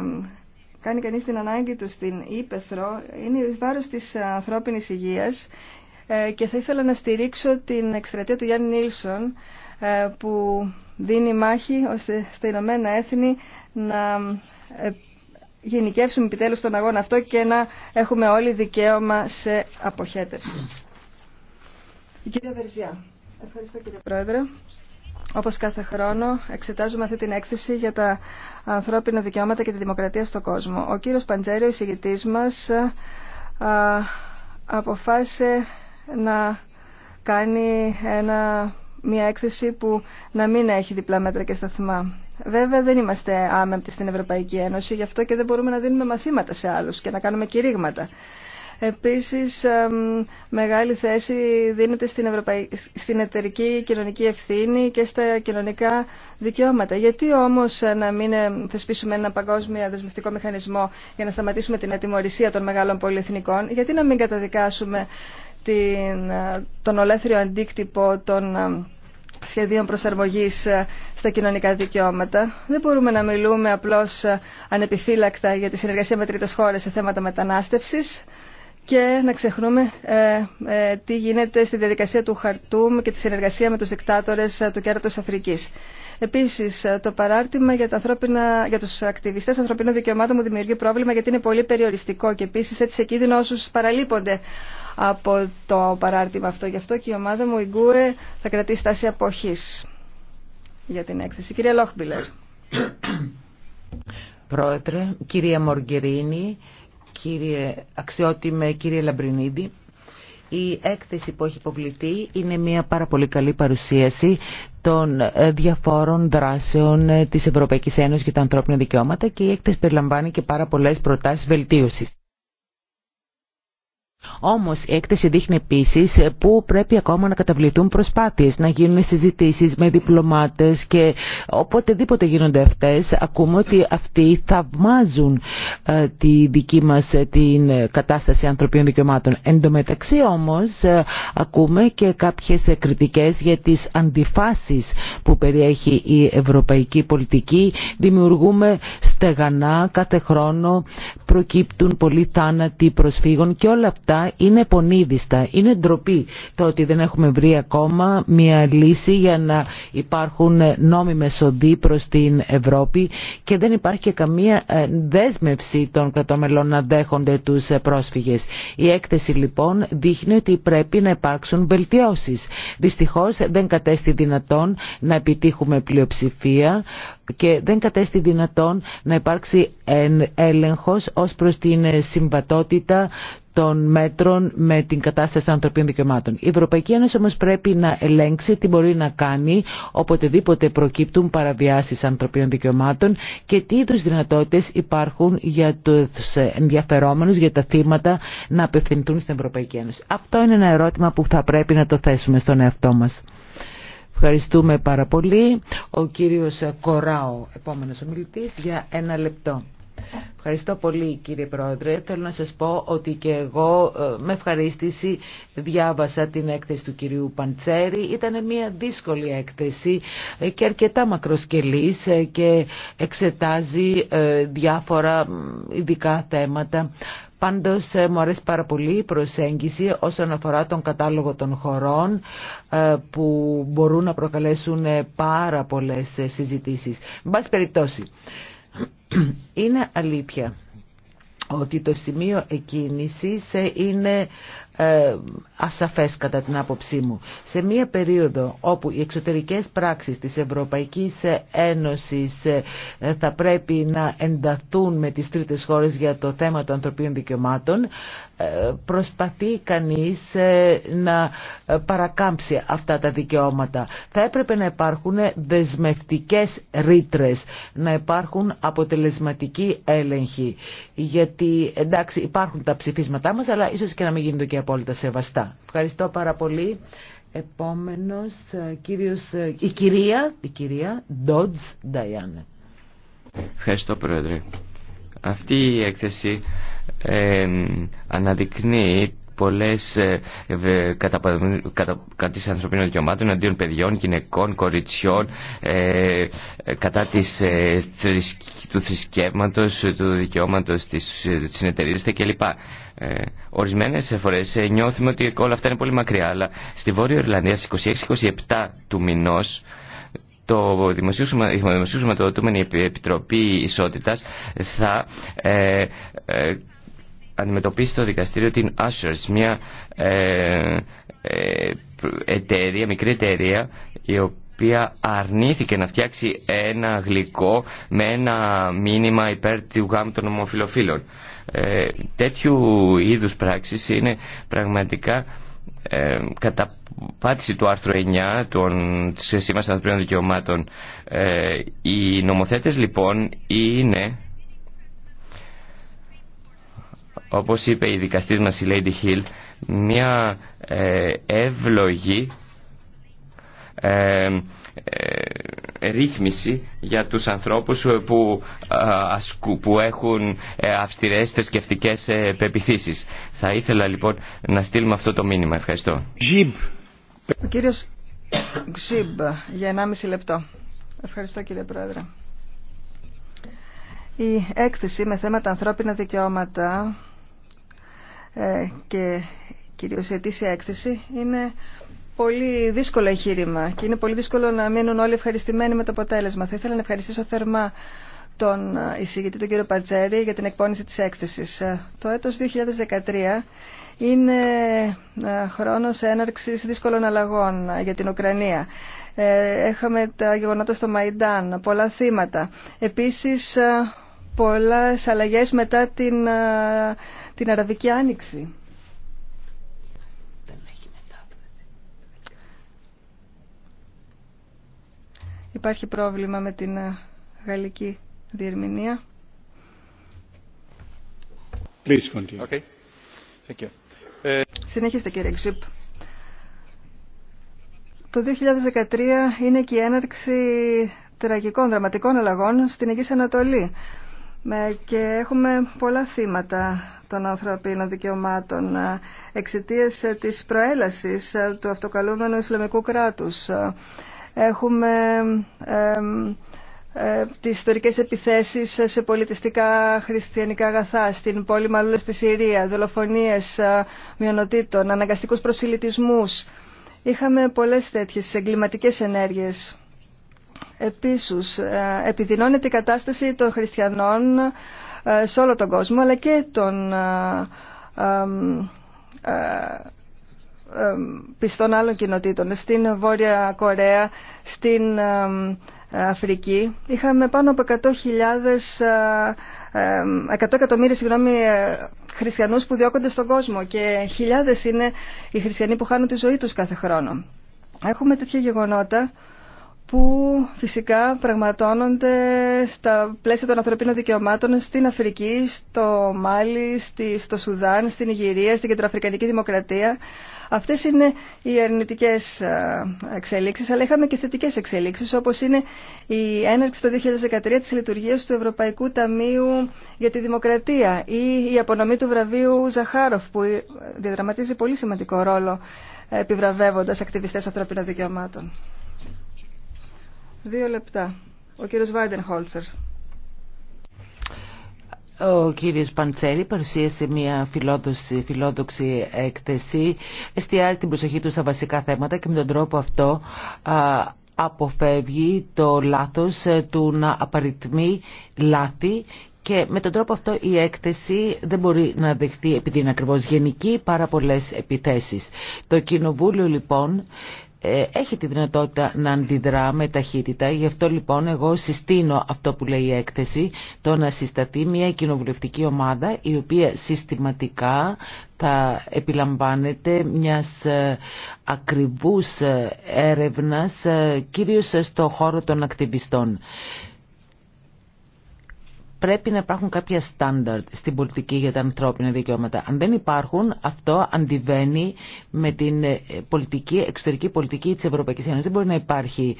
κάνει κανείς την ανάγκη του στην ύπεθρο είναι βάρος της ανθρώπινης υγείας και θα ήθελα να στηρίξω την εκστρατεία του Γιάννη Νίλσον που δίνει μάχη ώστε στα Ηνωμένα Έθνη να γενικεύσουμε επιτέλους τον αγώνα αυτό και να έχουμε όλοι δικαίωμα σε αποχέτευση. Η κυρία Βερζιά. Ευχαριστώ κύριε Πρόεδρε. Όπως κάθε χρόνο εξετάζουμε αυτή την έκθεση για τα ανθρώπινα δικαιώματα και τη δημοκρατία στον κόσμο. Ο κύριος Παντζέριο, εισηγητής μας, αποφάσισε να κάνει ένα, μια έκθεση που να μην έχει διπλά μέτρα και σταθμά. Βέβαια δεν είμαστε άμεμπτοι στην Ευρωπαϊκή Ένωση, γι' αυτό και δεν μπορούμε να δίνουμε μαθήματα σε άλλους και να κάνουμε κηρύγματα. Επίσης, μεγάλη θέση δίνεται στην, Ευρωπαϊ... στην εταιρική κοινωνική ευθύνη και στα κοινωνικά δικαιώματα. Γιατί όμως να μην ε, θεσπίσουμε ένα παγκόσμιο δεσμευτικό μηχανισμό για να σταματήσουμε την ατιμορρησία των μεγάλων πολυεθνικών, γιατί να μην καταδικάσουμε την... Ε, τον ολέθριο αντίκτυπο των ε, σχεδίων προσαρμογής ε, στα κοινωνικά δικαιώματα. Δεν μπορούμε να μιλούμε απλώς ε, ανεπιφύλακτα για τη συνεργασία με τρίτες χώρες σε θέματα μετανάστευσης και να ξεχνούμε ε, τι γίνεται στη διαδικασία του Χαρτούμ και τη συνεργασία με τους δικτάτορες του κέρατος Αφρικής. Επίσης, το παράρτημα για, τα ανθρώπινα, για τους ακτιβιστές ανθρωπίνων δικαιωμάτων μου δημιουργεί πρόβλημα γιατί είναι πολύ περιοριστικό και επίσης έτσι σε κίνδυνο όσους παραλείπονται από το παράρτημα αυτό. Γι' αυτό και η ομάδα μου, η Γκούε, θα κρατήσει στάση αποχής για την έκθεση. Κυρία Λόχμπιλερ. Πρόεδρε, κυρία Μοργκερίνη, κύριε αξιότιμε κύριε Λαμπρινίδη, η έκθεση που έχει υποβληθεί είναι μια πάρα πολύ καλή παρουσίαση των διαφόρων δράσεων της Ευρωπαϊκής Ένωσης για τα ανθρώπινα δικαιώματα και η έκθεση περιλαμβάνει και πάρα πολλές προτάσεις βελτίωσης. Όμω, η έκθεση δείχνει επίση που πρέπει ακόμα να καταβληθούν προσπάθειες, να γίνουν συζητήσεις με διπλωμάτες και οποτεδήποτε γίνονται αυτές ακούμε ότι αυτοί θαυμάζουν ε, τη δική μας ε, την κατάσταση ανθρωπίνων δικαιωμάτων. Εν τω μεταξύ όμως ε, ακούμε και κάποιες κριτικέ για τις αντιφάσεις που περιέχει η ευρωπαϊκή πολιτική. Δημιουργούμε στεγανά κάθε χρόνο προκύπτουν πολλοί θάνατοι προσφύγων και όλα αυτά είναι πονίδιστα. Είναι ντροπή το ότι δεν έχουμε βρει ακόμα μια λύση για να υπάρχουν νόμιμες οδοί προς την Ευρώπη και δεν υπάρχει καμία ε, δέσμευση των κρατομελών να δέχονται τους ε, πρόσφυγες. Η έκθεση λοιπόν δείχνει ότι πρέπει να υπάρξουν βελτιώσεις. Δυστυχώς δεν κατέστη δυνατόν να επιτύχουμε πλειοψηφία και δεν κατέστη δυνατόν να υπάρξει έλεγχος ως προς την ε, συμβατότητα των μέτρων με την κατάσταση των ανθρωπίνων δικαιωμάτων. Η Ευρωπαϊκή Ένωση όμως πρέπει να ελέγξει τι μπορεί να κάνει οποτεδήποτε προκύπτουν παραβιάσεις ανθρωπίνων δικαιωμάτων και τι είδους δυνατότητες υπάρχουν για τους ενδιαφερόμενους, για τα θύματα να απευθυνθούν στην Ευρωπαϊκή Ένωση. Αυτό είναι ένα ερώτημα που θα πρέπει να το θέσουμε στον εαυτό μας. Ευχαριστούμε πάρα πολύ. Ο κύριος Κοράου, επόμενος ομιλητής, για ένα λεπτό. Ευχαριστώ πολύ κύριε Πρόεδρε. Θέλω να σας πω ότι και εγώ ε, με ευχαρίστηση διάβασα την έκθεση του κυρίου Παντσέρη. Ήταν μια δύσκολη έκθεση ε, και αρκετά μακροσκελής ε, και εξετάζει διάφορα ειδικά θέματα. Πάντως ε, μου αρέσει πάρα πολύ η προσέγγιση όσον αφορά τον κατάλογο των χωρών ε, που μπορούν να προκαλέσουν ε, πάρα πολλές συζητήσεις. Με πάση περιπτώσει, είναι αλήθεια ότι το σημείο εκκίνησης είναι ε, ασαφές κατά την άποψή μου. Σε μία περίοδο όπου οι εξωτερικές πράξεις της Ευρωπαϊκής Ένωσης ε, θα πρέπει να ενταθούν με τις τρίτες χώρες για το θέμα των ανθρωπίνων δικαιωμάτων, ε, προσπαθεί κανείς να παρακάμψει αυτά τα δικαιώματα. Θα έπρεπε να υπάρχουν δεσμευτικές ρήτρε, να υπάρχουν αποτελεσματικοί έλεγχοι. Γιατί εντάξει υπάρχουν τα ψηφίσματά μας, αλλά ίσως και να μην γίνονται και απόλυτα σεβαστά. Ευχαριστώ πάρα πολύ. Επόμενος, ε, κύριος, ε, η κυρία, η κυρία Ντότζ Νταϊάνε. Ευχαριστώ Πρόεδρε. Αυτή η έκθεση ε, αναδεικνύει πολλές ε, τη ανθρωπίνων δικαιωμάτων αντίον παιδιών, γυναικών, κοριτσιών, ε, κατά της, ε, του θρησκεύματο, του δικαιώματο, της συνεταιριστέ κλπ. Ορισμένες φορέ νιώθουμε ότι όλα αυτά είναι πολύ μακριά, αλλά στη Βόρεια Ιρλανδία στι 26-27 του μηνό, το Δημοσίου Σωματοδοτούμενη Επιτροπή Ισότητας θα ε, αντιμετωπίσει το δικαστήριο την Ushers, μια ε, ε, εταιρεία, μικρή εταιρεία η οποία αρνήθηκε να φτιάξει ένα γλυκό με ένα μήνυμα υπέρ του γάμου των ομοφιλοφίλων. Ε, τέτοιου είδους πράξεις είναι πραγματικά ε, καταπάτηση του άρθρου 9 των, της Ανθρωπίνων Δικαιωμάτων. Ε, οι νομοθέτες λοιπόν είναι όπως είπε η δικαστής μας η Lady Hill, μια ε, εύλογη ε, ε, ρύθμιση για τους ανθρώπους που, ε, που έχουν αυστηρές θρησκευτικέ πεπιθήσεις. Θα ήθελα λοιπόν να στείλουμε αυτό το μήνυμα. Ευχαριστώ. Ο κύριος Ζιμπ για 1,5 λεπτό. Ευχαριστώ κύριε Πρόεδρε. Η έκθεση με θέματα ανθρώπινα δικαιώματα ε, και κυρίως αιτήσια έκθεση είναι πολύ δύσκολο εγχείρημα και είναι πολύ δύσκολο να μείνουν όλοι ευχαριστημένοι με το αποτέλεσμα. Θα ήθελα να ευχαριστήσω θερμά τον εισηγητή, τον κύριο Πατζέρη, για την εκπόνηση της έκθεσης. Ε, το έτος 2013 είναι ε, χρόνος έναρξης δύσκολων αλλαγών για την Ουκρανία. Έχαμε τα γεγονότα στο Μαϊντάν, πολλά θύματα. Επίσης, πολλές αλλαγές μετά την την Αραβική Άνοιξη. Υπάρχει πρόβλημα με την ε, γαλλική διερμηνία. Please continue. Okay. Thank you. Ε, Συνεχίστε κύριε Ξύπ. Το 2013 είναι και η έναρξη τραγικών δραματικών αλλαγών στην Εγγύη Ανατολή. Ε, και έχουμε πολλά θύματα των ανθρωπίνων δικαιωμάτων ε, εξαιτία ε, της προέλασης του αυτοκαλούμενου Ισλαμικού κράτους. Έχουμε ε, ε, τις ιστορικές επιθέσεις σε πολιτιστικά χριστιανικά αγαθά στην πόλη Μαλούλα στη Συρία, δολοφονίες μειονοτήτων, αναγκαστικούς προσιλητισμούς. Είχαμε πολλές τέτοιες εγκληματικές ενέργειες Επίσης, ε, επιδεινώνεται η κατάσταση των χριστιανών ε, σε όλο τον κόσμο, αλλά και των ε, πιστών άλλων κοινοτήτων. Στην Βόρεια Κορέα, στην Αφρική, είχαμε πάνω από 100 εκατομμύρια χριστιανούς που διώκονται στον κόσμο και χιλιάδες είναι οι χριστιανοί που χάνουν τη ζωή τους κάθε χρόνο. Έχουμε τέτοια γεγονότα που φυσικά πραγματώνονται στα πλαίσια των ανθρωπίνων δικαιωμάτων στην Αφρική, στο Μάλι, στο Σουδάν, στην Ιγυρία, στην Κεντροαφρικανική Δημοκρατία. Αυτές είναι οι αρνητικές εξελίξεις, αλλά είχαμε και θετικές εξελίξεις, όπως είναι η έναρξη το 2013 της λειτουργίας του Ευρωπαϊκού Ταμείου για τη Δημοκρατία ή η απονομή του βραβείου Ζαχάροφ, που διαδραματίζει πολύ σημαντικό ρόλο επιβραβεύοντας ακτιβιστές ανθρωπίνων δικαιωμάτων. Δύο λεπτά. Ο κύριος Βάιντεν Χόλτσερ. Ο κύριος Παντσέλη παρουσίασε μια φιλόδοξη, φιλόδοξη έκθεση, εστιάζει την προσοχή του στα βασικά θέματα και με τον τρόπο αυτό αποφεύγει το λάθος ε, του να απαριθμεί λάθη και με τον τρόπο αυτό η έκθεση δεν μπορεί να δεχθεί, επειδή είναι ακριβώς γενική, πάρα πολλές επιθέσεις. Το Κοινοβούλιο λοιπόν ε, έχει τη δυνατότητα να αντιδρά με ταχύτητα. Γι' αυτό λοιπόν εγώ συστήνω αυτό που λέει η έκθεση, το να συσταθεί μια κοινοβουλευτική ομάδα η οποία συστηματικά θα επιλαμβάνεται μιας ε, ακριβούς ε, έρευνας κυρίως στο χώρο των ακτιβιστών πρέπει να υπάρχουν κάποια στάνταρτ στην πολιτική για τα ανθρώπινα δικαιώματα. Αν δεν υπάρχουν, αυτό αντιβαίνει με την ε, πολιτική, εξωτερική πολιτική της Ευρωπαϊκής Ένωσης. Δεν μπορεί να υπάρχει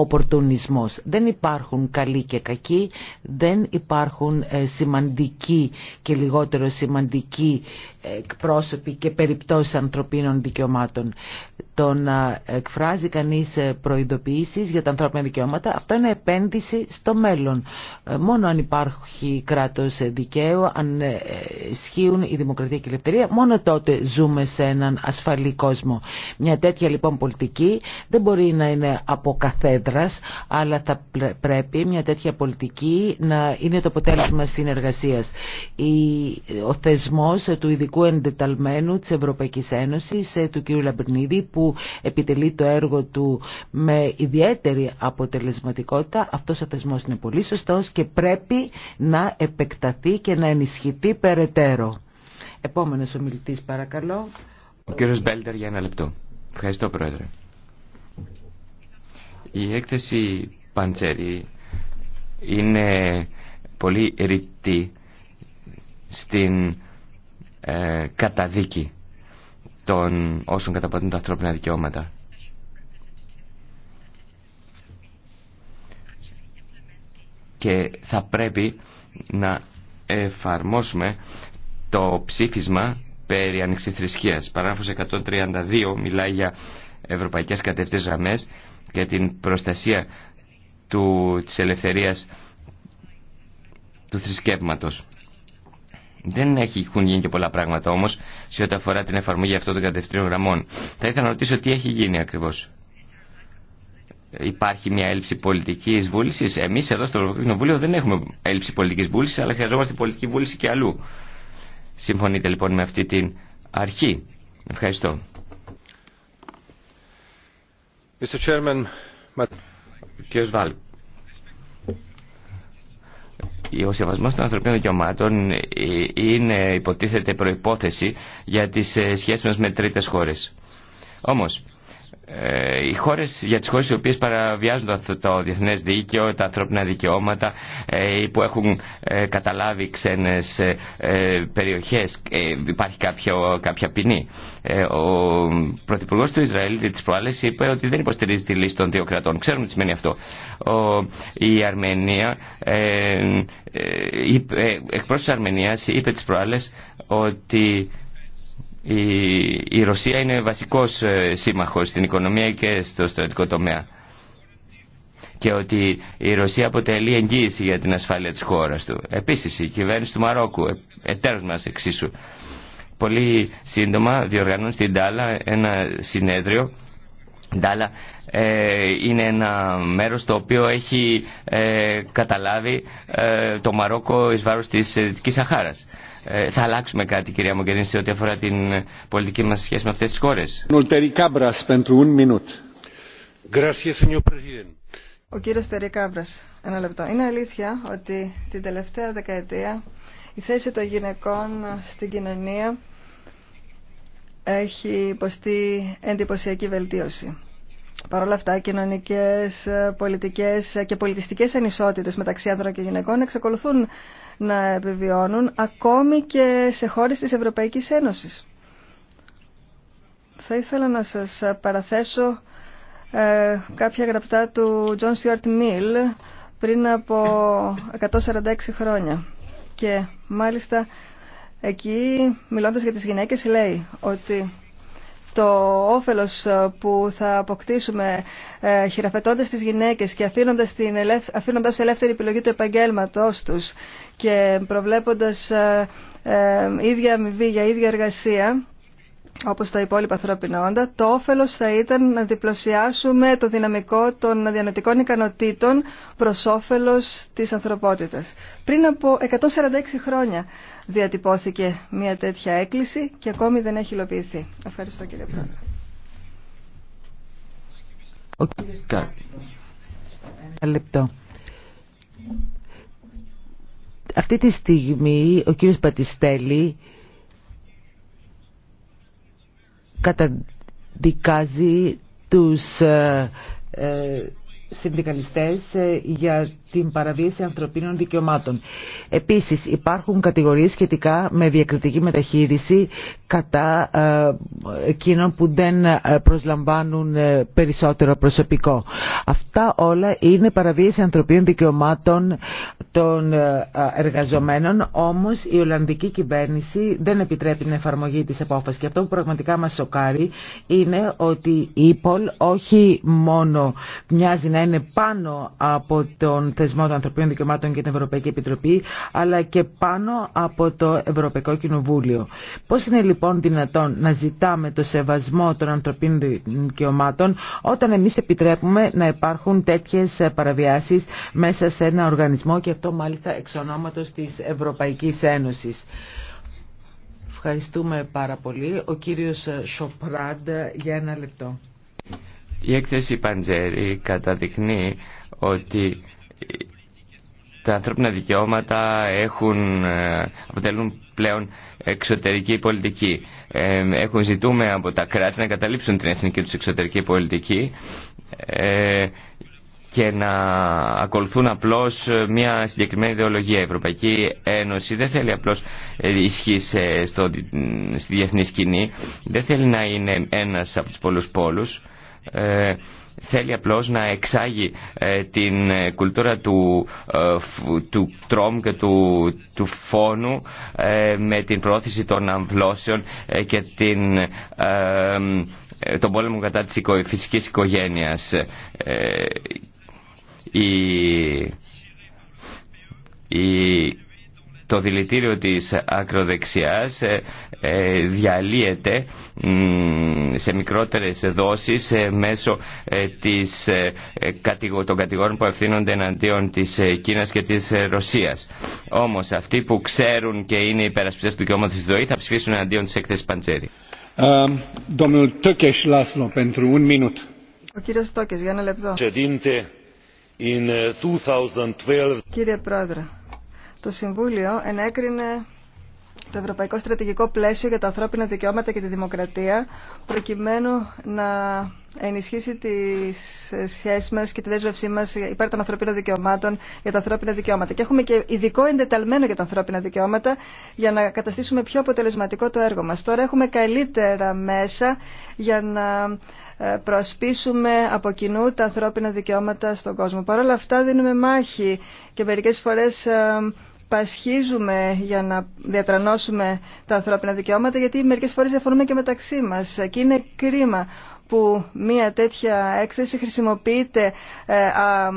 οπορτουνισμός. Δεν υπάρχουν καλοί και κακοί, δεν υπάρχουν ε, σημαντικοί και λιγότερο σημαντικοί ε, εκπρόσωποι και περιπτώσεις ανθρωπίνων δικαιωμάτων. Το να εκφράζει κανείς ε, προειδοποιήσεις για τα ανθρώπινα δικαιώματα, αυτό είναι επένδυση στο μέλλον. Μόνο αν υπάρχει κράτος δικαίου, αν ισχύουν η δημοκρατία και η ελευθερία, μόνο τότε ζούμε σε έναν ασφαλή κόσμο. Μια τέτοια λοιπόν πολιτική δεν μπορεί να είναι από αλλά θα πρέπει μια τέτοια πολιτική να είναι το αποτέλεσμα συνεργασίας. Ο θεσμός του ειδικού εντεταλμένου της Ευρωπαϊκής Ένωσης, ε, του κ. Λαμπρινίδη, που επιτελεί το έργο του με ιδιαίτερη αποτελεσματικότητα, αυτός ο θεσμός είναι πολύ σωστός και πρέπει να επεκταθεί και να ενισχυθεί περαιτέρω. Επόμενος ομιλητής παρακαλώ. Ο κύριος Μπέλτερ για ένα λεπτό. Ευχαριστώ πρόεδρε. Η έκθεση Παντσέρη είναι πολύ ρητή στην ε, καταδίκη των όσων καταπατούν τα ανθρώπινα δικαιώματα. Και θα πρέπει να εφαρμόσουμε το ψήφισμα περί θρησκείας. Παράγραφος 132 μιλάει για ευρωπαϊκές κατευθύνσεις γραμμές και την προστασία του, της ελευθερίας του θρησκεύματος. Δεν έχουν γίνει και πολλά πράγματα όμως σε ό,τι αφορά την εφαρμογή αυτών των κατευθύνων γραμμών. Θα ήθελα να ρωτήσω τι έχει γίνει ακριβώς. Υπάρχει μια έλλειψη πολιτική βούληση. Εμεί εδώ στο Ευρωπαϊκό Κοινοβούλιο δεν έχουμε έλλειψη πολιτική βούληση, αλλά χρειαζόμαστε πολιτική βούληση και αλλού. Συμφωνείτε λοιπόν με αυτή την αρχή. Ευχαριστώ. Mr. Chairman, ο σεβασμός των ανθρωπίνων δικαιωμάτων είναι υποτίθεται προϋπόθεση για τις ε, σχέσεις μας με τρίτες χώρες. Όμως, ε, οι χώρες, για τις χώρες οι οποίες παραβιάζουν το, το διεθνές δίκαιο, τα ανθρώπινα δικαιώματα ή ε, που έχουν ε, καταλάβει ξένες περιοχές υπάρχει κάποιο, κάποια ποινή. ο Πρωθυπουργό του Ισραήλ της προάλλης είπε ότι δεν υποστηρίζει τη λύση των δύο κρατών. Ξέρουμε τι σημαίνει αυτό. η Αρμενία, ε, ε, εκπρόσωπος της Αρμενίας είπε τις προάλλες ότι η, Ρωσία είναι βασικός ε, σύμμαχος στην οικονομία και στο στρατικό τομέα και ότι η Ρωσία αποτελεί εγγύηση για την ασφάλεια της χώρας του. Επίσης η κυβέρνηση του Μαρόκου, ε, εταίρος μας εξίσου, πολύ σύντομα διοργανώνει στην Τάλα ένα συνέδριο. Ντάλα ε, είναι ένα μέρος το οποίο έχει καταλάβει το Μαρόκο εις βάρος της Δυτικής Σαχάρας. Ε, θα αλλάξουμε κάτι κυρία Μογκερίνη σε ό,τι αφορά την ε, πολιτική μα σχέση με αυτές τις χώρε. Ο κύριος Τερικάβρας, ένα λεπτό. Είναι αλήθεια ότι την τελευταία δεκαετία η θέση των γυναικών στην κοινωνία έχει υποστεί εντυπωσιακή βελτίωση. Παρ' όλα αυτά, κοινωνικές, ε, πολιτικές και πολιτιστικές ανισότητες μεταξύ άνδρων και γυναικών εξακολουθούν να επιβιώνουν ακόμη και σε χώρες της Ευρωπαϊκής Ένωσης. Θα ήθελα να σας παραθέσω ε, κάποια γραπτά του John Stuart Mill πριν από 146 χρόνια. Και μάλιστα εκεί μιλώντας για τις γυναίκες λέει ότι το όφελος ε, που θα αποκτήσουμε ε, χειραφετώντας τις γυναίκες και αφήνοντας, την αφήνοντας ελεύθερη επιλογή του επαγγέλματός τους και προβλέποντας ε, ίδια αμοιβή για ίδια εργασία όπως τα υπόλοιπα ανθρώπινα όντα, το όφελος θα ήταν να διπλωσιάσουμε το δυναμικό των διανοητικών ικανοτήτων προς όφελος της ανθρωπότητας. Πριν από 146 χρόνια διατυπώθηκε μια τέτοια έκκληση και ακόμη δεν έχει υλοποιηθεί. Ευχαριστώ κύριε Πρόεδρε. Ο... Ένα λεπτό. Αυτή τη στιγμή ο κύριος Πατιστέλη καταδικάζει τους ε, ε, συνδικαλιστές ε, για την παραβίαση ανθρωπίνων δικαιωμάτων. Επίσης υπάρχουν κατηγορίες σχετικά με διακριτική μεταχείριση κατά ε, εκείνων που δεν ε, προσλαμβάνουν περισσότερο προσωπικό. Αυτά όλα είναι παραβίαση ανθρωπίνων δικαιωμάτων των εργαζομένων, όμως η Ολλανδική κυβέρνηση δεν επιτρέπει την εφαρμογή της απόφασης. Και αυτό που πραγματικά μας σοκάρει είναι ότι η ΥΠΟΛ όχι μόνο μοιάζει είναι πάνω από τον θεσμό των ανθρωπίνων δικαιωμάτων και την Ευρωπαϊκή Επιτροπή, αλλά και πάνω από το Ευρωπαϊκό Κοινοβούλιο. Πώς είναι λοιπόν δυνατόν να ζητάμε το σεβασμό των ανθρωπίνων δικαιωμάτων όταν εμείς επιτρέπουμε να υπάρχουν τέτοιε παραβιάσεις μέσα σε ένα οργανισμό και αυτό μάλιστα εξ ονόματο τη Ευρωπαϊκή Ένωση. Ευχαριστούμε πάρα πολύ. Ο κύριος Σοπραντ για ένα λεπτό. Η έκθεση Παντζέρη καταδεικνύει ότι τα ανθρώπινα δικαιώματα έχουν, ε, αποτελούν πλέον εξωτερική πολιτική. Ε, έχουν ζητούμε από τα κράτη να καταλήψουν την εθνική τους εξωτερική πολιτική ε, και να ακολουθούν απλώς μια συγκεκριμένη ιδεολογία. Η Ευρωπαϊκή Ένωση δεν θέλει απλώς ισχύ στο, στη διεθνή σκηνή, δεν θέλει να είναι ένας από τους πολλούς πόλους, ε, θέλει απλώς να εξάγει ε, την ε, κουλτούρα του, τρόμου τρόμ και του, φόνου με την πρόθεση των αμβλώσεων και την, τον πόλεμο κατά της φυσικής οικογένειας. η το δηλητήριο της ακροδεξιάς ε, ε, διαλύεται σε μικρότερες δόσεις ε, μέσω της, των κατηγόρων που ευθύνονται εναντίον της Κίνας και της Ρωσίας. Όμως αυτοί που ξέρουν και είναι υπερασπιστές του δικαιώματος της ζωή θα ψηφίσουν εναντίον της έκθεσης Παντσέρη. Ο Κύριε Πρόεδρε, το Συμβούλιο ενέκρινε το Ευρωπαϊκό Στρατηγικό Πλαίσιο για τα Ανθρώπινα Δικαιώματα και τη Δημοκρατία προκειμένου να ενισχύσει τις σχέσεις μας και τη δέσμευσή μας υπέρ των ανθρωπίνων δικαιωμάτων για τα ανθρώπινα δικαιώματα. Και έχουμε και ειδικό εντεταλμένο για τα ανθρώπινα δικαιώματα για να καταστήσουμε πιο αποτελεσματικό το έργο μας. Τώρα έχουμε καλύτερα μέσα για να ε, προασπίσουμε από κοινού τα ανθρώπινα δικαιώματα στον κόσμο. Παρ' όλα αυτά δίνουμε μάχη και μερικές φορές ε, πασχίζουμε για να διατρανώσουμε τα ανθρώπινα δικαιώματα γιατί μερικές φορές διαφωνούμε και μεταξύ μας και είναι κρίμα που μια τέτοια έκθεση χρησιμοποιείται ε,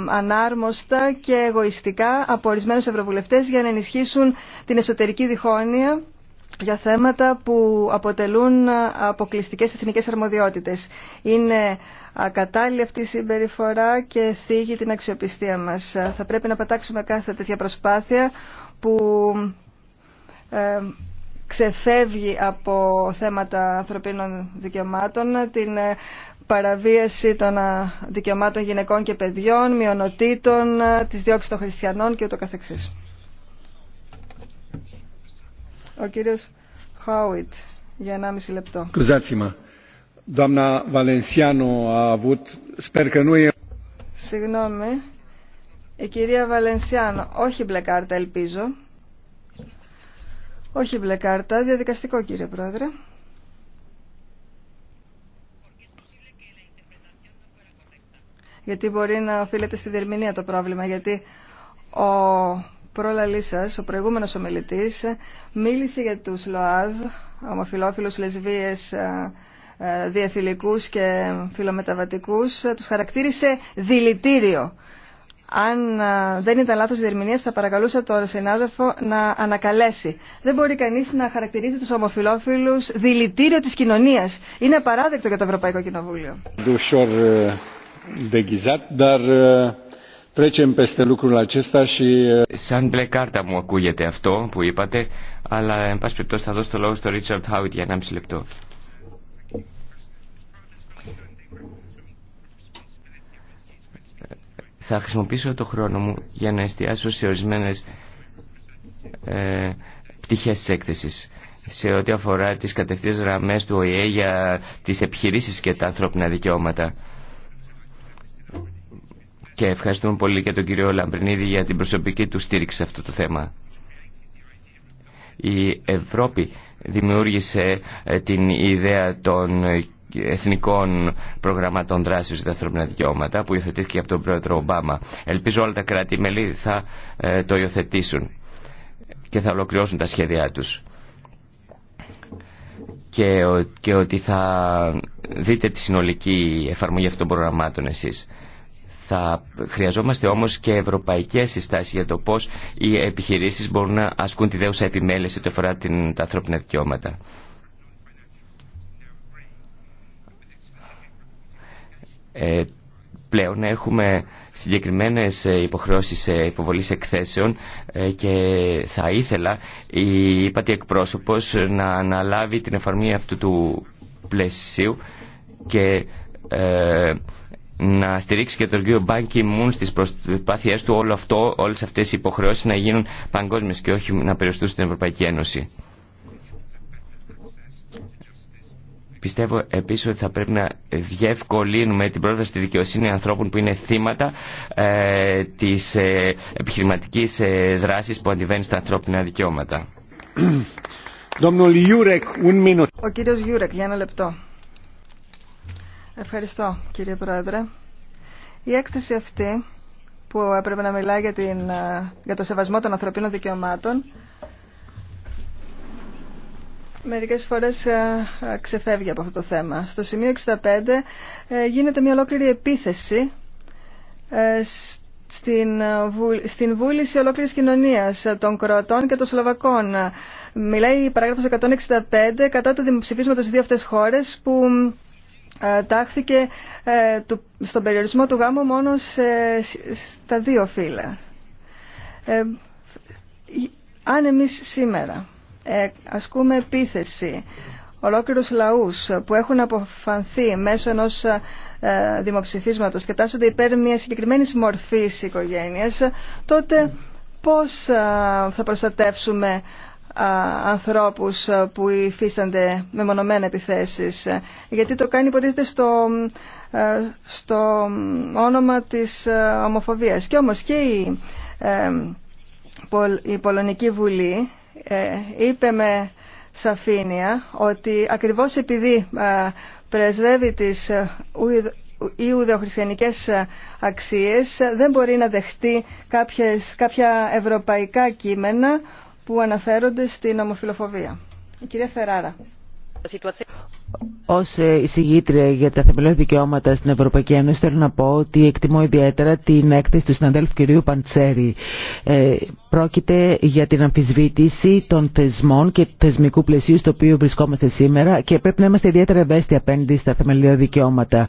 ανάρμοστα και εγωιστικά από ορισμένους ευρωβουλευτές για να ενισχύσουν την εσωτερική διχόνοια για θέματα που αποτελούν αποκλειστικές εθνικές αρμοδιότητες. Είναι ακατάλληλη αυτή η συμπεριφορά και θίγει την αξιοπιστία μας. Θα πρέπει να πατάξουμε κάθε τέτοια προσπάθεια που ε, ξεφεύγει από θέματα ανθρωπίνων δικαιωμάτων, την ε, παραβίαση των ε, δικαιωμάτων γυναικών και παιδιών, μειονοτήτων, της διώξης των χριστιανών και ούτω καθεξής. Ο κύριος Χάουιτ, για 1,5 λεπτό. Συγγνώμη, η ε, κυρία Βαλενσιάνο, όχι μπλε κάρτα ελπίζω. Όχι μπλε κάρτα, διαδικαστικό κύριε Πρόεδρε. Γιατί μπορεί να οφείλεται στη διερμηνία το πρόβλημα, γιατί ο προλαλής σας, ο προηγούμενος ομιλητής, μίλησε για τους ΛΟΑΔ, ομοφιλόφιλους, λεσβίες, ε, ε, διαφιλικούς και φιλομεταβατικούς, τους χαρακτήρισε δηλητήριο αν δεν ήταν λάθος η διερμηνία, θα παρακαλούσα τον συνάδελφο να ανακαλέσει. Δεν μπορεί κανείς να χαρακτηρίζει τους ομοφιλόφιλους δηλητήριο της κοινωνίας. Είναι απαράδεκτο για το Ευρωπαϊκό Κοινοβούλιο. Ε, ε, e, Σαν μπλε κάρτα μου ακούγεται αυτό που είπατε, αλλά εν πάση περιπτώσει θα δώσω το λόγο στον Ρίτσαρντ Χάουιτ για 1,5 λεπτό. Θα χρησιμοποιήσω το χρόνο μου για να εστιάσω σε ορισμένες ε, πτυχές της έκθεσης σε ό,τι αφορά τις κατευθύνσεις γραμμές του ΟΗΕ για τις επιχειρήσεις και τα ανθρώπινα δικαιώματα. Και ευχαριστούμε πολύ και τον κύριο Λαμπρινίδη για την προσωπική του στήριξη σε αυτό το θέμα. Η Ευρώπη δημιούργησε ε, την ιδέα των εθνικών προγραμμάτων δράσης για τα ανθρώπινα δικαιώματα που υιοθετήθηκε από τον πρόεδρο Ομπάμα. Ελπίζω όλα τα κράτη-μελή θα ε, το υιοθετήσουν και θα ολοκληρώσουν τα σχέδιά τους. Και, και ότι θα δείτε τη συνολική εφαρμογή αυτών των προγραμμάτων εσείς. Θα χρειαζόμαστε όμως και ευρωπαϊκές συστάσεις για το πώς οι επιχειρήσεις μπορούν να ασκούν τη δέουσα επιμέλεια σε ό,τι αφορά την, τα ανθρώπινα δικαιώματα. Ε, πλέον έχουμε συγκεκριμένες ε, υποχρεώσεις ε, υποβολής εκθέσεων ε, και θα ήθελα η ύπατη εκπρόσωπος να αναλάβει την εφαρμή αυτού του πλαισίου και να στηρίξει και τον κύριο Μπάνκι Μουν στις προσπάθειές του όλο αυτό, όλες αυτές οι υποχρεώσεις να γίνουν παγκόσμιες και όχι να περιοριστούν στην Ευρωπαϊκή Ένωση. Πιστεύω επίσης ότι θα πρέπει να διευκολύνουμε την πρόταση στη δικαιοσύνη ανθρώπων που είναι θύματα ε, της ε, ε δράσης που αντιβαίνει στα ανθρώπινα δικαιώματα. Ο κύριος Γιούρεκ, για ένα λεπτό. Ευχαριστώ κύριε Πρόεδρε. Η έκθεση αυτή που έπρεπε να μιλάει για, ε, για το σεβασμό των ανθρωπίνων δικαιωμάτων μερικές φορές ε, ε, ξεφεύγει από αυτό το θέμα. Στο σημείο 65 ε, γίνεται μια ολόκληρη επίθεση στην, στην βούληση ολόκληρης κοινωνίας των Κροατών και των Σλοβακών. Μιλάει η παράγραφος 165 κατά του δημοψηφίσματος στις δύο αυτές χώρες που τάχθηκε στον περιορισμό του γάμου μόνο σε, στα δύο φύλλα. αν εμείς σήμερα ε, ασκούμε επίθεση ολόκληρους λαούς που έχουν αποφανθεί μέσω ενός ε, δημοψηφίσματος και τάσσονται υπέρ μια συγκεκριμένη μορφή οικογένειας, τότε πώς ε, θα προστατεύσουμε ανθρώπους που υφίστανται μονομένα επιθέσεις γιατί το κάνει υποτίθεται στο, στο όνομα της ομοφοβίας και όμως και η, η Πολωνική Βουλή ε, είπε με σαφήνεια ότι ακριβώς επειδή ε, πρεσβεύει τις ε, ιουδεοχριστιανικές αξίες δεν μπορεί να δεχτεί κάποιες, κάποια ευρωπαϊκά κείμενα που αναφέρονται στην ομοφιλοφοβία. Η κυρία Φεράρα. Ως ε, εισηγήτρια για τα θεμελιώδη δικαιώματα στην Ευρωπαϊκή Ένωση θέλω να πω ότι εκτιμώ ιδιαίτερα την έκθεση του συναδέλφου κυρίου Παντσέρη. Ε, πρόκειται για την αμφισβήτηση των θεσμών και του θεσμικού πλαισίου στο οποίο βρισκόμαστε σήμερα και πρέπει να είμαστε ιδιαίτερα ευαίσθητοι απέναντι στα θεμελιώδη δικαιώματα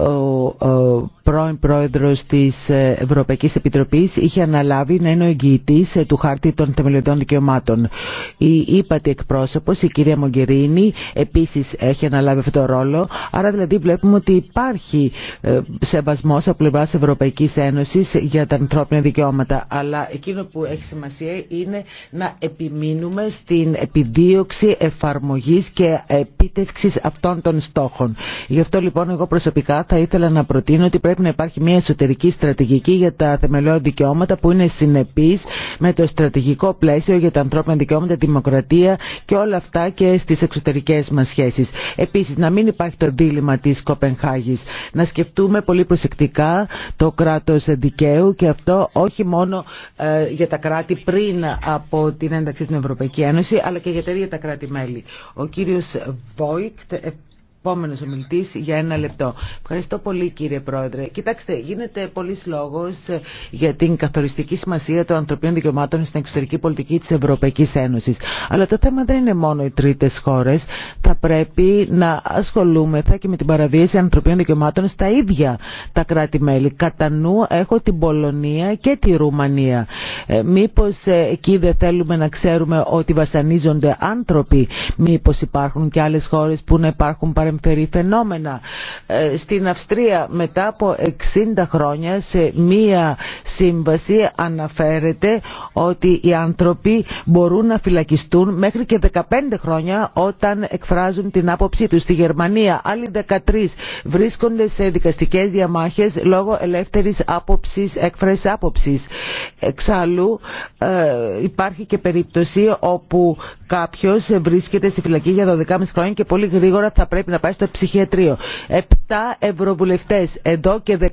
ο πρώην πρόεδρος της Ευρωπαϊκής Επιτροπής είχε αναλάβει να είναι ο εγγυητής του χάρτη των θεμελιωτών δικαιωμάτων. Η ύπατη εκπρόσωπος, η κυρία Μογκερίνη, επίσης έχει αναλάβει αυτό το ρόλο. Άρα δηλαδή βλέπουμε ότι υπάρχει ε, σεβασμός από πλευράς Ευρωπαϊκής Ένωσης για τα ανθρώπινα δικαιώματα. Αλλά εκείνο που έχει σημασία είναι να επιμείνουμε στην επιδίωξη εφαρμογής και επίτευξης αυτών των στόχων. Γι' αυτό λοιπόν εγώ προσωπικά θα ήθελα να προτείνω ότι πρέπει να υπάρχει μια εσωτερική στρατηγική για τα θεμελιώδη δικαιώματα που είναι συνεπής με το στρατηγικό πλαίσιο για τα ανθρώπινα δικαιώματα, τη δημοκρατία και όλα αυτά και στις εξωτερικές μας σχέσεις. Επίσης να μην υπάρχει το δίλημα της Κοπενχάγης. Να σκεφτούμε πολύ προσεκτικά το κράτος δικαίου και αυτό όχι μόνο ε, για τα κράτη πριν από την ένταξη στην Ευρωπαϊκή Ένωση αλλά και για τα ίδια τα κράτη-μέλη. Ο κύριος Βόικτ επόμενος ομιλητής για ένα λεπτό. Ευχαριστώ πολύ κύριε Πρόεδρε. Κοιτάξτε, γίνεται πολλή λόγος ε, για την καθοριστική σημασία των ανθρωπίνων δικαιωμάτων στην εξωτερική πολιτική της Ευρωπαϊκής Ένωσης. Αλλά το θέμα δεν είναι μόνο οι τρίτες χώρες. Θα πρέπει να ασχολούμεθα και με την παραβίαση ανθρωπίνων δικαιωμάτων στα ίδια τα κράτη-μέλη. Κατά νου έχω την Πολωνία και τη Ρουμανία. Ε, μήπως ε, εκεί δεν θέλουμε να ξέρουμε ότι βασανίζονται άνθρωποι. Μήπως υπάρχουν και άλλες χώρες που να υπάρχουν παρεμβάσεις ε, στην Αυστρία μετά από 60 χρόνια σε μία σύμβαση αναφέρεται ότι οι άνθρωποι μπορούν να φυλακιστούν μέχρι και 15 χρόνια όταν εκφράζουν την άποψή τους. Στη Γερμανία άλλοι 13 βρίσκονται σε δικαστικές διαμάχες λόγω ελεύθερης άποψης, έκφρασης άποψης. Εξάλλου ε, υπάρχει και περίπτωση όπου κάποιος βρίσκεται στη φυλακή για 12,5 χρόνια και πολύ γρήγορα θα πρέπει να πάει στο ψυχιατρίο. Επτά ευρωβουλευτές εδώ και 18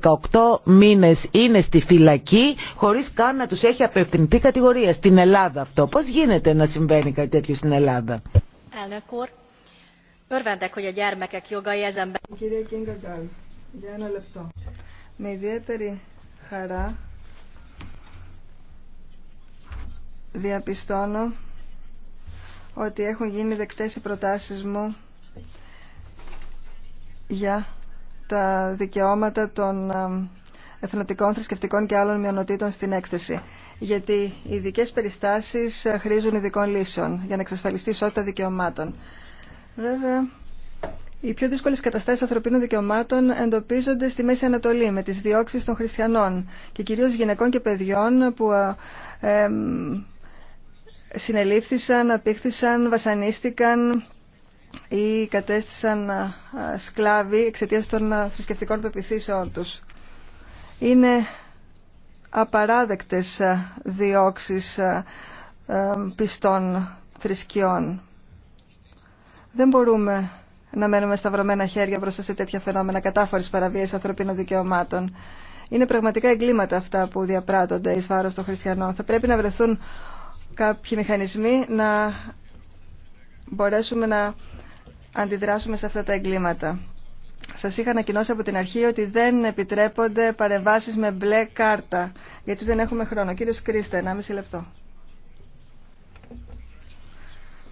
μήνες είναι στη φυλακή χωρίς καν να τους έχει απευθυνθεί κατηγορία. Στην Ελλάδα αυτό. Πώς γίνεται να συμβαίνει κάτι τέτοιο στην Ελλάδα. διαπιστώνω ότι έχουν γίνει δεκτές οι προτάσεις μου για τα δικαιώματα των εθνοτικών, θρησκευτικών και άλλων μειονοτήτων στην έκθεση. Γιατί οι ειδικέ περιστάσεις ε, χρήζουν ειδικών λύσεων για να εξασφαλιστεί ισότητα δικαιωμάτων. Βέβαια, οι πιο δύσκολε καταστάσει ανθρωπίνων δικαιωμάτων εντοπίζονται στη Μέση Ανατολή με τι διώξει των χριστιανών και κυρίω γυναικών και παιδιών που ε, συνελήφθησαν, απήχθησαν, βασανίστηκαν ή κατέστησαν σκλάβοι εξαιτίας των θρησκευτικών πεπιθήσεών τους. Είναι απαράδεκτες διώξεις πιστών θρησκειών. Δεν μπορούμε να μένουμε σταυρωμένα χέρια μπροστά σε τέτοια φαινόμενα κατάφορης παραβίασης ανθρωπίνων δικαιωμάτων. Είναι πραγματικά εγκλήματα αυτά που διαπράττονται εις βάρος των χριστιανών. Θα πρέπει να βρεθούν κάποιοι μηχανισμοί να μπορέσουμε να αντιδράσουμε σε αυτά τα εγκλήματα. Σας είχα ανακοινώσει από την αρχή ότι δεν επιτρέπονται παρεμβάσεις με μπλε κάρτα, γιατί δεν έχουμε χρόνο. Κύριος Κρίστε, 1,5 λεπτό.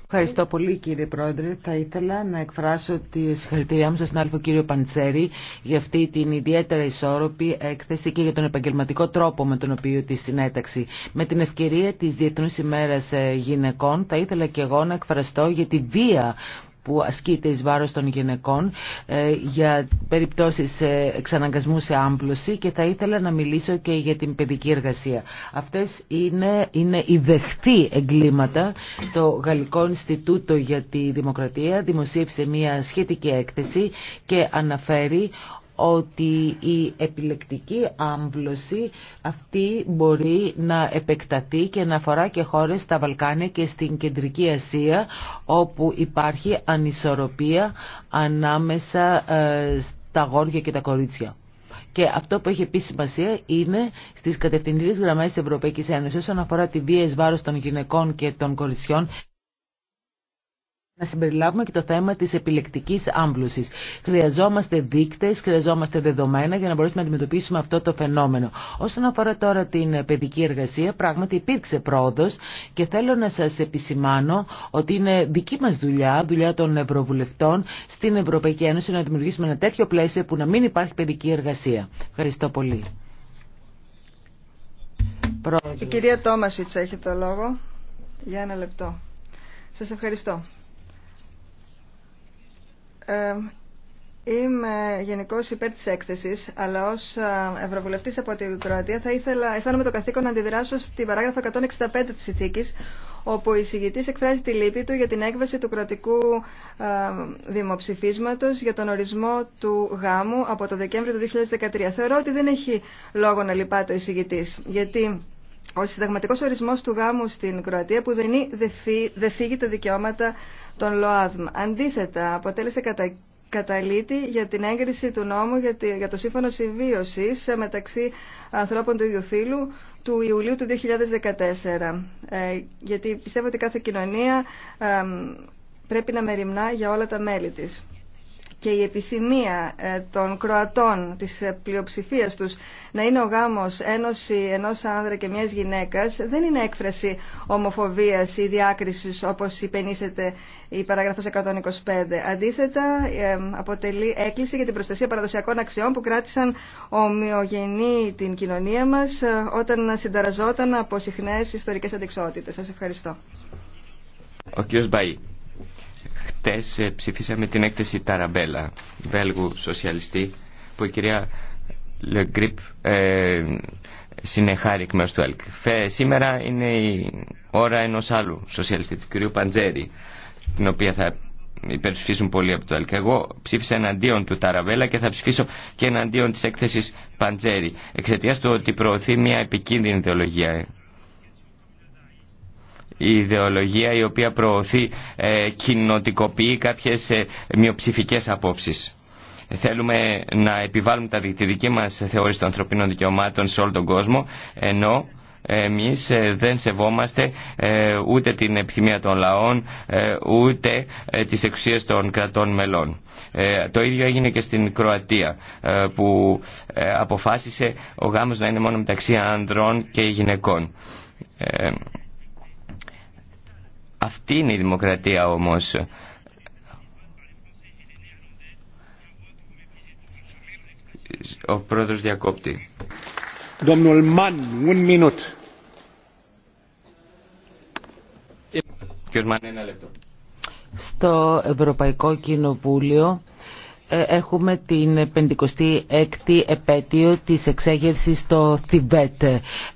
Ευχαριστώ πολύ κύριε Πρόεδρε. Θα ήθελα να εκφράσω τη συγχαρητήριά μου στον άλφο κύριο Παντσέρη για αυτή την ιδιαίτερα ισόρροπη έκθεση και για τον επαγγελματικό τρόπο με τον οποίο τη συνέταξε. Με την ευκαιρία της διεθνού ημέρα ε, γυναικών θα ήθελα και εγώ να εκφραστώ για τη βία που ασκείται εις βάρος των γυναικών ε, για περιπτώσεις εξαναγκασμού σε άμπλωση και θα ήθελα να μιλήσω και για την παιδική εργασία. Αυτές είναι, είναι οι δεχτή εγκλήματα. Το Γαλλικό Ινστιτούτο για τη Δημοκρατία δημοσίευσε μια σχετική έκθεση και αναφέρει ότι η επιλεκτική άμβλωση αυτή μπορεί να επεκταθεί και να αφορά και χώρες στα Βαλκάνια και στην Κεντρική Ασία όπου υπάρχει ανισορροπία ανάμεσα ε, στα γόρια και τα κορίτσια. Και αυτό που έχει επίσης σημασία είναι στις κατευθυντήριε γραμμές τη Ευρωπαϊκή Ένωση όσον αφορά τη βία ει βάρο των γυναικών και των κοριτσιών να συμπεριλάβουμε και το θέμα της επιλεκτικής άμβλωσης. Χρειαζόμαστε δείκτες, χρειαζόμαστε δεδομένα για να μπορέσουμε να αντιμετωπίσουμε αυτό το φαινόμενο. Όσον αφορά τώρα την παιδική εργασία, πράγματι υπήρξε πρόοδος και θέλω να σας επισημάνω ότι είναι δική μας δουλειά, δουλειά των Ευρωβουλευτών στην Ευρωπαϊκή Ένωση να δημιουργήσουμε ένα τέτοιο πλαίσιο που να μην υπάρχει παιδική εργασία. Ευχαριστώ πολύ. Η κυρία Τόμασιτς έχει το λόγο. Για ένα λεπτό. Σας ευχαριστώ. Είμαι γενικώ υπέρ τη έκθεση, αλλά ω ε, Ευρωβουλευτή από την Κροατία θα ήθελα, αισθάνομαι το καθήκον να αντιδράσω στην παράγραφο 165 τη ηθίκη, όπου ο εισηγητή εκφράζει τη λύπη του για την έκβαση του κρατικού δημοψηφίσματο για τον ορισμό του γάμου από το Δεκέμβριο του 2013. Θεωρώ ότι δεν έχει λόγο να λυπάται ο εισηγητή, γιατί ο συνταγματικό ορισμό του γάμου στην Κροατία που δεν φύγει τα δικαιώματα των ΛΟΑΔΜ. Αντίθετα, αποτέλεσε κατα... καταλήτη για την έγκριση του νόμου για, το σύμφωνο συμβίωση μεταξύ ανθρώπων του ίδιου φύλου του Ιουλίου του 2014. Ε, γιατί πιστεύω ότι κάθε κοινωνία πρέπει να μεριμνά για όλα τα μέλη της και η επιθυμία ε, των Κροατών, της ε, πλειοψηφίας τους, να είναι ο γάμος ένωση ενός άνδρα και μιας γυναίκας, δεν είναι έκφραση ομοφοβίας ή διάκρισης όπως υπενήσεται η παράγραφος 125. Αντίθετα, αποτελεί έκκληση για την προστασία παραδοσιακών αξιών που κράτησαν ομοιογενή την κοινωνία μας ε, όταν συνταραζόταν από συχνές ιστορικές αντιξότητες. Σας ευχαριστώ. Ο Χτες ε, ψηφίσαμε την έκθεση Ταραμπέλα, Βέλγου σοσιαλιστή, που η κυρία Grip ε, συνεχάρει εκ μέρους του ΕΛΚ. σήμερα είναι η ώρα ενός άλλου σοσιαλιστή, του κυρίου Παντζέρη, την οποία θα υπερψηφίσουν πολλοί από το ΕΛΚ. Εγώ ψήφισα εναντίον του Ταραβέλα και θα ψηφίσω και εναντίον της έκθεσης Παντζέρη, εξαιτία του ότι προωθεί μια επικίνδυνη ιδεολογία η ιδεολογία η οποία προωθεί, ε, κοινοτικοποιεί κάποιες ε, μειοψηφικές απόψεις. Θέλουμε να επιβάλλουμε τα, τη δική μας θεώρηση των ανθρωπίνων δικαιωμάτων σε όλο τον κόσμο, ενώ εμείς ε, δεν σεβόμαστε ε, ούτε την επιθυμία των λαών, ε, ούτε τις εξουσίες των κρατών μελών. Το ίδιο έγινε και στην Κροατία, που αποφάσισε ο γάμος να είναι μόνο μεταξύ ανδρών και γυναικών. Αυτή είναι η δημοκρατία όμως. Ο πρόεδρος διακόπτη. Στο Ευρωπαϊκό Κοινοβούλιο ε, έχουμε την 56η επέτειο της εξέγερσης στο Θιβέτ.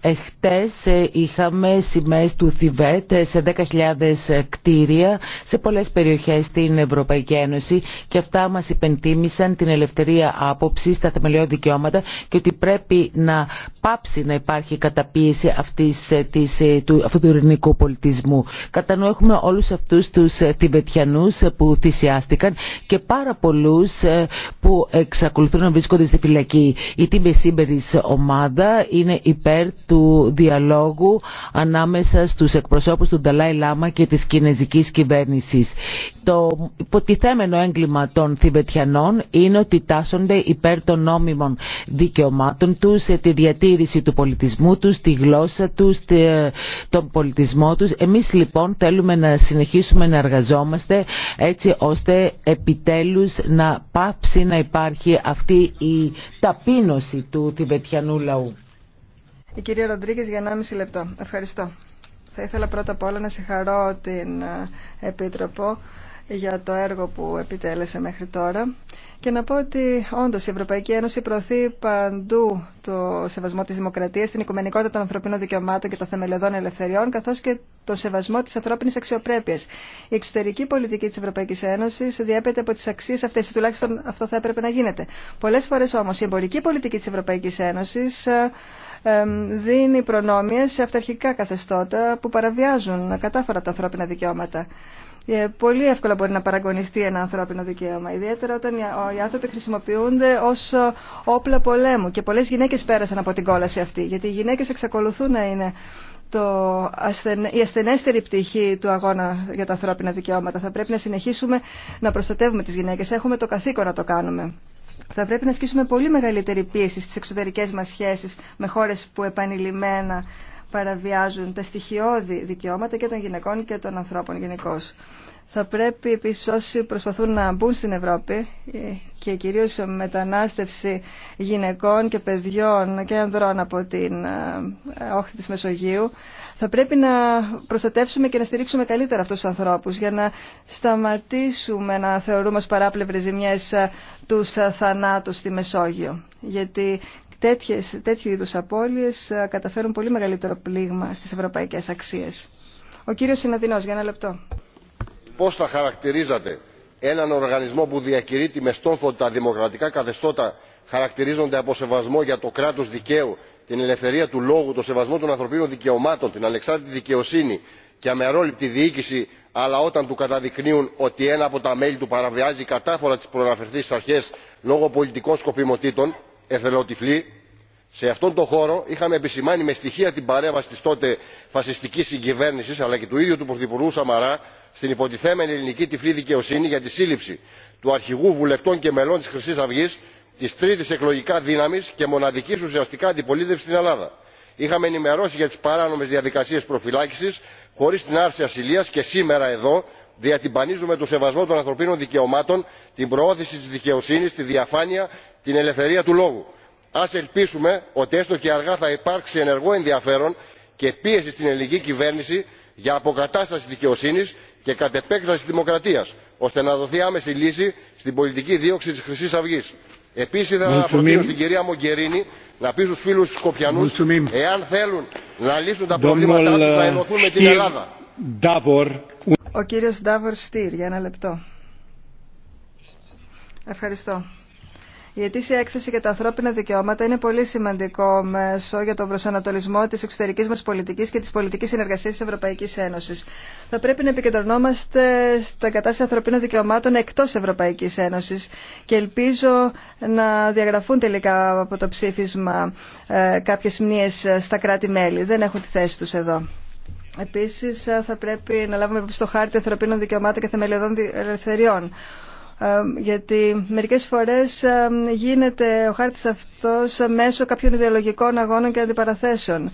Εχθές ε, είχαμε σημαίες του Θιβέτ σε 10.000 κτίρια σε πολλές περιοχές στην Ευρωπαϊκή Ένωση και αυτά μας υπενθύμησαν την ελευθερία άποψη στα θεμελιώδη δικαιώματα και ότι πρέπει να πάψει να υπάρχει καταπίεση αυτής, ε, της, του, αυτού του ειρηνικού πολιτισμού. έχουμε όλους αυτούς τους Θιβετιανούς που θυσιάστηκαν και πάρα πολλούς ε, που εξακολουθούν να βρίσκονται στη φυλακή. Η τύμπη ομάδα είναι υπέρ του διαλόγου ανάμεσα στους εκπροσώπους του Νταλάη Λάμα και της κινέζικης κυβέρνησης. Το υποτιθέμενο έγκλημα των Θιβετιανών είναι ότι τάσσονται υπέρ των νόμιμων δικαιωμάτων τους, τη διατήρηση του πολιτισμού τους, τη γλώσσα τους, τον πολιτισμό τους. Εμείς λοιπόν θέλουμε να συνεχίσουμε να εργαζόμαστε έτσι ώστε επιτέλους να πάψει να υπάρχει αυτή η ταπείνωση του θηβετιανού λαού. Η κυρία Ροντρίγκης για 1,5 λεπτό. Ευχαριστώ. Θα ήθελα πρώτα απ' όλα να συγχαρώ την ε, Επίτροπο για το έργο που επιτέλεσε μέχρι τώρα και να πω ότι όντως η Ευρωπαϊκή Ένωση προωθεί παντού το σεβασμό της δημοκρατίας, την οικουμενικότητα των ανθρωπίνων δικαιωμάτων και των θεμελιωδών ελευθεριών, καθώς και το σεβασμό της ανθρώπινης αξιοπρέπειας. Η εξωτερική πολιτική της Ευρωπαϊκής Ένωσης διέπεται από τις αξίες αυτές, ή τουλάχιστον αυτό θα έπρεπε να γίνεται. Πολλές φορές όμως εμπορική πολιτική της Ευρωπαϊκής Ένωσης ε, δίνει προνόμια σε αυταρχικά καθεστώτα που παραβιάζουν κατάφορα τα ανθρώπινα δικαιώματα. Ε, πολύ εύκολα μπορεί να παραγωνιστεί ένα ανθρώπινο δικαίωμα. Ιδιαίτερα όταν οι άνθρωποι χρησιμοποιούνται ω ε, όπλα πολέμου. Και πολλέ γυναίκε πέρασαν από την κόλαση αυτή. Γιατί οι γυναίκε εξακολουθούν να είναι το η ασθενέστερη πτυχή του αγώνα για τα ανθρώπινα δικαιώματα. Θα πρέπει να συνεχίσουμε να προστατεύουμε τι γυναίκε. Έχουμε το καθήκον να το κάνουμε. Θα πρέπει να ασκήσουμε πολύ μεγαλύτερη πίεση στι εξωτερικέ μα σχέσει με χώρε που επανειλημμένα παραβιάζουν τα στοιχειώδη δικαιώματα και των γυναικών και των ανθρώπων γενικώ. Θα πρέπει επίσης όσοι προσπαθούν να μπουν στην Ευρώπη και κυρίως μετανάστευση γυναικών και παιδιών και ανδρών από την ε, όχθη της Μεσογείου θα πρέπει να προστατεύσουμε και να στηρίξουμε καλύτερα αυτούς τους ανθρώπους για να σταματήσουμε να θεωρούμε ως παράπλευρες ζημιές ε, τους ε, θανάτους στη Μεσόγειο τέτοιες, τέτοιου είδους απώλειες ε, καταφέρουν πολύ μεγαλύτερο πλήγμα στις ευρωπαϊκές αξίες. Ο κύριος Συναδεινός, για ένα λεπτό. Πώς θα χαρακτηρίζατε έναν οργανισμό που διακηρύττει με στόχο τα δημοκρατικά καθεστώτα χαρακτηρίζονται από σεβασμό για το κράτος δικαίου, την ελευθερία του λόγου, το σεβασμό των ανθρωπίνων δικαιωμάτων, την ανεξάρτητη δικαιοσύνη και αμερόληπτη διοίκηση, αλλά όταν του καταδεικνύουν ότι ένα από τα μέλη του παραβιάζει κατάφορα τις προαναφερθείς αρχές λόγω πολιτικών σκοπιμοτήτων, εθελοτυφλοί σε αυτόν τον χώρο είχαμε επισημάνει με στοιχεία την παρέμβαση της τότε φασιστικής συγκυβέρνησης αλλά και του ίδιου του πρωθυπουργού σαμαρά στην υποτιθέμενη ελληνική τυφλή δικαιοσύνη για τη σύλληψη του αρχηγού βουλευτών και μελών της χρυσής αυγής της τρίτης εκλογικά δύναμης και μοναδικής ουσιαστικά αντιπολίτευσης στην ελλάδα. είχαμε ενημερώσει για τις παράνομες διαδικασίες προφυλάκηση χωρίς την άρση Ασυλία και σήμερα εδώ διατυμπανίζουμε το σεβασμό των ανθρωπίνων δικαιωμάτων την προώθηση της δικαιοσύνης τη διαφάνεια την ελευθερία του λόγου. Α ελπίσουμε ότι έστω και αργά θα υπάρξει ενεργό ενδιαφέρον και πίεση στην ελληνική κυβέρνηση για αποκατάσταση δικαιοσύνη και κατ' επέκταση δημοκρατίας ώστε να δοθεί άμεση λύση στην πολιτική δίωξη τη Χρυσή Αυγή. Επίση, ήθελα να προτείνω στην κυρία μογκερίνη να πει στου φίλου τους σκοπιανούς εάν θέλουν να λύσουν τα προβλήματά τους θα ενωθούν με την ελλάδα. Ο κύριος Ντάβορ για ένα λεπτό. Ευχαριστώ. Η ετήσια έκθεση για τα ανθρώπινα δικαιώματα είναι πολύ σημαντικό μέσο για τον προσανατολισμό τη εξωτερική μα πολιτική και τη πολιτική συνεργασία τη Ευρωπαϊκή Ένωση. Θα πρέπει να επικεντρωνόμαστε στα κατάσταση ανθρωπίνων δικαιωμάτων εκτό Ευρωπαϊκή Ένωση και ελπίζω να διαγραφούν τελικά από το ψήφισμα ε, κάποιε μνήε ε, στα κράτη-μέλη. Δεν έχουν τη θέση του εδώ. Επίση, ε, θα πρέπει να λάβουμε υπόψη το χάρτη ανθρωπίνων δικαιωμάτων και θεμελιωδών ελευθεριών γιατί μερικές φορές γίνεται ο χάρτης αυτός μέσω κάποιων ιδεολογικών αγώνων και αντιπαραθέσεων.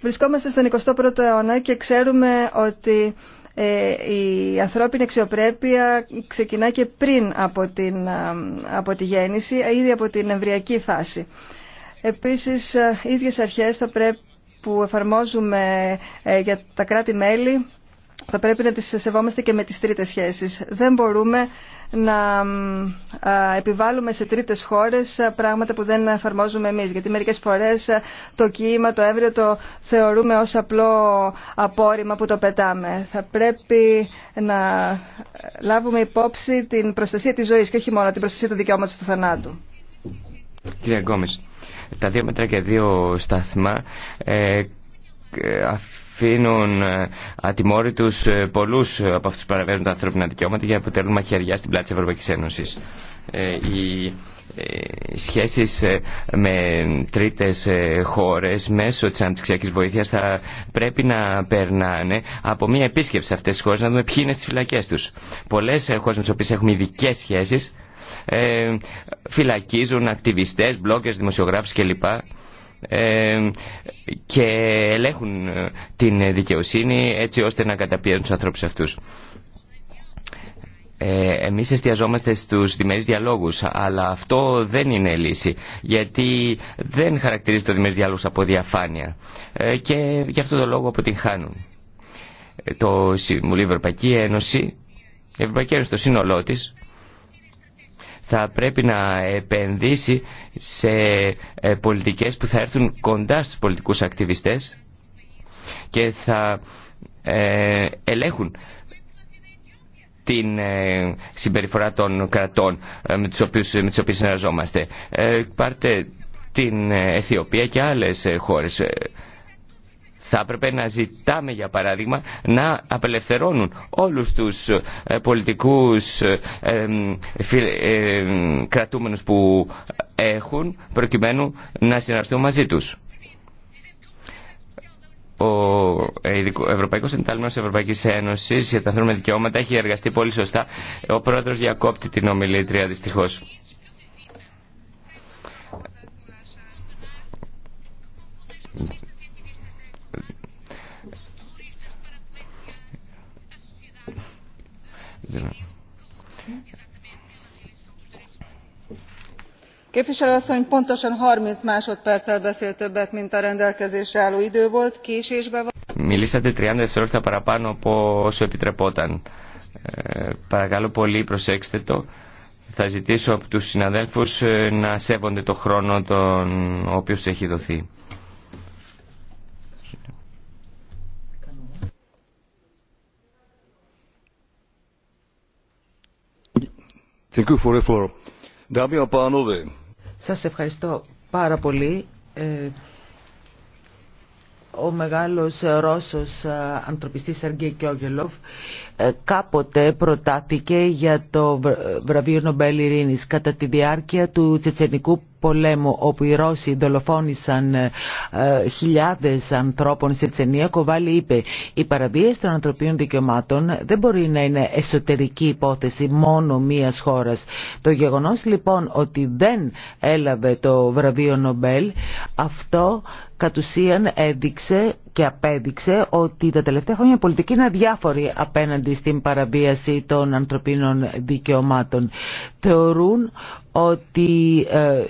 Βρισκόμαστε στον 21ο αιώνα και ξέρουμε ότι ε, η ανθρώπινη αξιοπρέπεια ξεκινά και πριν από, την, από τη γέννηση, ήδη από την εμβριακή φάση. Επίσης, οι ε, ίδιες αρχές θα πρέπει που εφαρμόζουμε ε, για τα κράτη-μέλη θα πρέπει να τις σεβόμαστε και με τις τρίτες σχέσεις. Δεν μπορούμε να επιβάλλουμε σε τρίτες χώρες πράγματα που δεν εφαρμόζουμε εμείς. Γιατί μερικές φορές το κύμα, το έβριο το θεωρούμε ως απλό απόρριμα που το πετάμε. Θα πρέπει να λάβουμε υπόψη την προστασία της ζωής και όχι μόνο την προστασία του δικαιώματος του θανάτου. Κύριε τα δύο μέτρα και δύο στάθμα ε, ε, αφήνουν ε, ατιμόρυτους ε, πολλούς ε, από αυτούς που παραβαίνουν τα ανθρώπινα δικαιώματα για να αποτελούν μαχαιριά στην πλάτη της Ευρωπαϊκής Ένωσης. Οι σχέσεις με τρίτες χώρες μέσω της αναπτυξιακής βοήθειας θα πρέπει να περνάνε από μια επίσκεψη σε αυτές τις χώρες να δούμε ποιοι είναι στις φυλακές τους. Πολλές χώρες με τις οποίες έχουμε ειδικέ σχέσεις φυλακίζουν ακτιβιστές, bloggers, δημοσιογράφους κλπ ε, και ελέγχουν ε, την δικαιοσύνη έτσι ώστε να καταπιέζουν τους ανθρώπους αυτούς. Ε, εμείς εστιαζόμαστε στους διμερείς διαλόγους, αλλά αυτό δεν είναι λύση, γιατί δεν χαρακτηρίζεται το διμερείς διάλογος από διαφάνεια ε, και γι' αυτό το λόγο αποτυγχάνουν. Το Συμβουλίο Ευρωπαϊκή Ένωση, η Ευρωπαϊκή Ένωση το σύνολό της, θα πρέπει να επενδύσει σε ε, πολιτικές που θα έρθουν κοντά στους πολιτικούς ακτιβιστές και θα ε, ελέγχουν την ε, συμπεριφορά των κρατών με τις οποίες, με τις οποίες συνεργαζόμαστε. Πάρτε την Αιθιοπία και άλλες χώρες θα έπρεπε να ζητάμε, για παράδειγμα, να απελευθερώνουν όλους τους ε, πολιτικούς ε, ε, κρατούμενους που έχουν, προκειμένου να συνεργαστούν μαζί τους. Ο Ευρωπαϊκό Εντάλμενο τη Ευρωπαϊκή Ένωση για τα ανθρώπινα δικαιώματα έχει εργαστεί πολύ σωστά. Ο πρόεδρο διακόπτει την ομιλήτρια δυστυχώ. képviselő asszony pontosan Μιλήσατε 30 δευτερόλεπτα παραπάνω από όσο επιτρεπόταν. Ε, παρακαλώ πολύ προσέξτε το. Θα ζητήσω από τους συναδέλφους ε, να σέβονται το χρόνο τον οποίος έχει δοθεί. Σας ευχαριστώ πάρα πολύ. Ε, ο μεγάλος Ρώσος ε, ανθρωπιστής Σαργκέ Κιόγελοφ ε, κάποτε προτάθηκε για το βραβείο Νομπέλ Ειρήνης κατά τη διάρκεια του τσετσενικού πολέμου όπου οι Ρώσοι δολοφόνησαν ε, χιλιάδες ανθρώπων σε Τσενία, Κοβάλη είπε «Η παραβίαση των ανθρωπίνων δικαιωμάτων δεν μπορεί να είναι εσωτερική υπόθεση μόνο μίας χώρας». Το γεγονός λοιπόν ότι δεν έλαβε το βραβείο Νομπέλ, αυτό κατ' ουσίαν έδειξε και απέδειξε ότι τα τελευταία χρόνια η πολιτική είναι αδιάφορη απέναντι στην παραβίαση των ανθρωπίνων δικαιωμάτων. Θεωρούν ότι ε,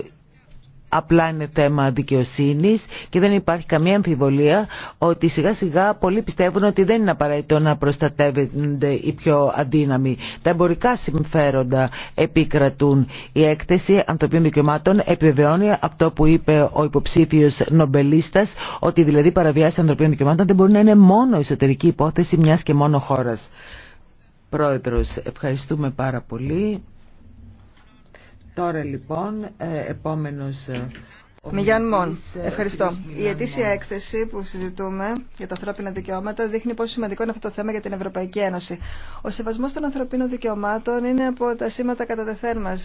απλά είναι θέμα δικαιοσύνης και δεν υπάρχει καμία αμφιβολία ότι σιγά σιγά πολλοί πιστεύουν ότι δεν είναι απαραίτητο να προστατεύονται οι πιο αδύναμοι. Τα εμπορικά συμφέροντα επικρατούν. Η έκθεση ανθρωπίνων δικαιωμάτων επιβεβαιώνει αυτό που είπε ο υποψήφιος νομπελίστας ότι δηλαδή παραβιάσει ανθρωπίνων δικαιωμάτων δεν μπορεί να είναι μόνο εσωτερική υπόθεση μιας και μόνο χώρας. Πρόεδρος, ευχαριστούμε πάρα πολύ. Τώρα λοιπόν, ε, επόμενος... Ε, Μιγιάν Μον, ε, ευχαριστώ. Η ετήσια έκθεση που συζητούμε για τα ανθρώπινα δικαιώματα δείχνει πόσο σημαντικό είναι αυτό το θέμα για την Ευρωπαϊκή Ένωση. Ο σεβασμό των ανθρωπίνων δικαιωμάτων είναι από τα σήματα κατά τεθέν μα.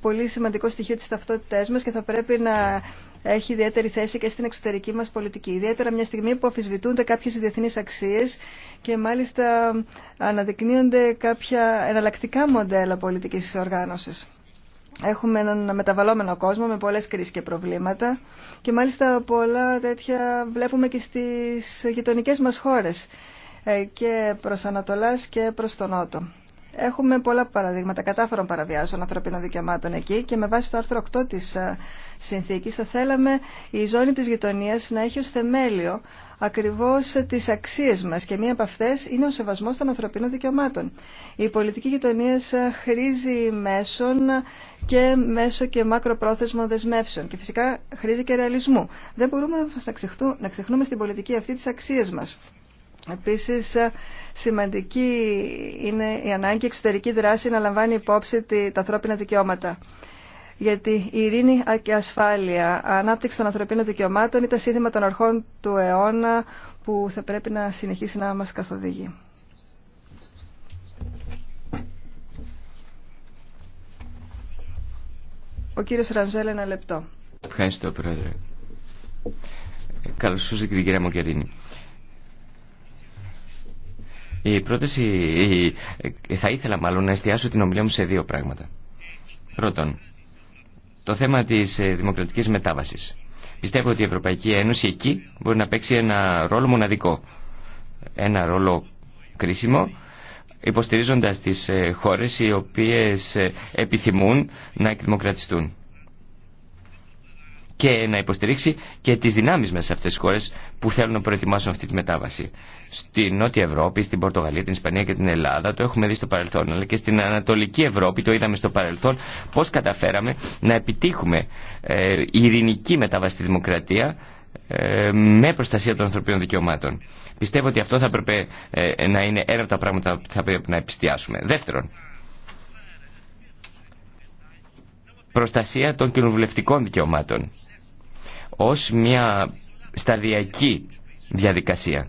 πολύ σημαντικό στοιχείο τη ταυτότητά μα και θα πρέπει να έχει ιδιαίτερη θέση και στην εξωτερική μας πολιτική. Ιδιαίτερα μια στιγμή που αφισβητούνται κάποιες διεθνείς αξίες και μάλιστα αναδεικνύονται κάποια εναλλακτικά μοντέλα πολιτικής οργάνωσης. Έχουμε έναν μεταβαλλόμενο κόσμο με πολλές κρίσεις και προβλήματα και μάλιστα πολλά τέτοια βλέπουμε και στις γειτονικές μας χώρες ε, και προς Ανατολάς και προς τον Νότο. Έχουμε πολλά παραδείγματα κατάφορων παραβιάσεων ανθρωπίνων δικαιωμάτων εκεί και με βάση το άρθρο 8 της ε, συνθήκης θα θέλαμε η ζώνη της γειτονίας να έχει ως θεμέλιο ακριβώς ε, τις αξίες μας και μία από αυτές είναι ο σεβασμός των ανθρωπίνων δικαιωμάτων. Η πολιτική γειτονία ε, χρήζει μέσων και μέσω και μακροπρόθεσμων δεσμεύσεων και φυσικά χρήζει και ρεαλισμού. Δεν μπορούμε να ξεχνούμε στην πολιτική αυτή τις αξίες μας. Επίσης, ε, σημαντική είναι η ανάγκη εξωτερική δράση να λαμβάνει υπόψη τα ανθρώπινα δικαιώματα. Γιατί η ειρήνη και η ασφάλεια, ανάπτυξη των ανθρωπίνων δικαιωμάτων είναι τα σύνθημα των αρχών του αιώνα που θα πρέπει να συνεχίσει να μας καθοδηγεί. Ο κύριος Ρανζέλ, ένα λεπτό. Ευχαριστώ, Πρόεδρε. Ε, καλώς ήρθατε, κυρία Μοκερίνη. Η πρόταση, θα ήθελα μάλλον να εστιάσω την ομιλία μου σε δύο πράγματα. Πρώτον, το θέμα της ε, δημοκρατικής μετάβασης. Πιστεύω ότι η Ευρωπαϊκή Ένωση εκεί μπορεί να παίξει ένα ρόλο μοναδικό. Ένα ρόλο κρίσιμο, υποστηρίζοντας τις ε, χώρες οι οποίες ε, επιθυμούν να εκδημοκρατιστούν και να υποστηρίξει και τις δυνάμεις μέσα σε αυτές τις χώρες που θέλουν να προετοιμάσουν αυτή τη μετάβαση. Στη Νότια Ευρώπη, στην Πορτογαλία, την Ισπανία και την Ελλάδα το έχουμε δει στο παρελθόν, αλλά και στην Ανατολική Ευρώπη το είδαμε στο παρελθόν πώς καταφέραμε να επιτύχουμε ε, ειρηνική μετάβαση στη δημοκρατία ε, με προστασία των ανθρωπίνων δικαιωμάτων. Πιστεύω ότι αυτό θα έπρεπε ε, να είναι ένα από τα πράγματα που θα πρέπει να επιστιάσουμε. Δεύτερον, προστασία των κοινοβουλευτικών δικαιωμάτων ως μια σταδιακή διαδικασία.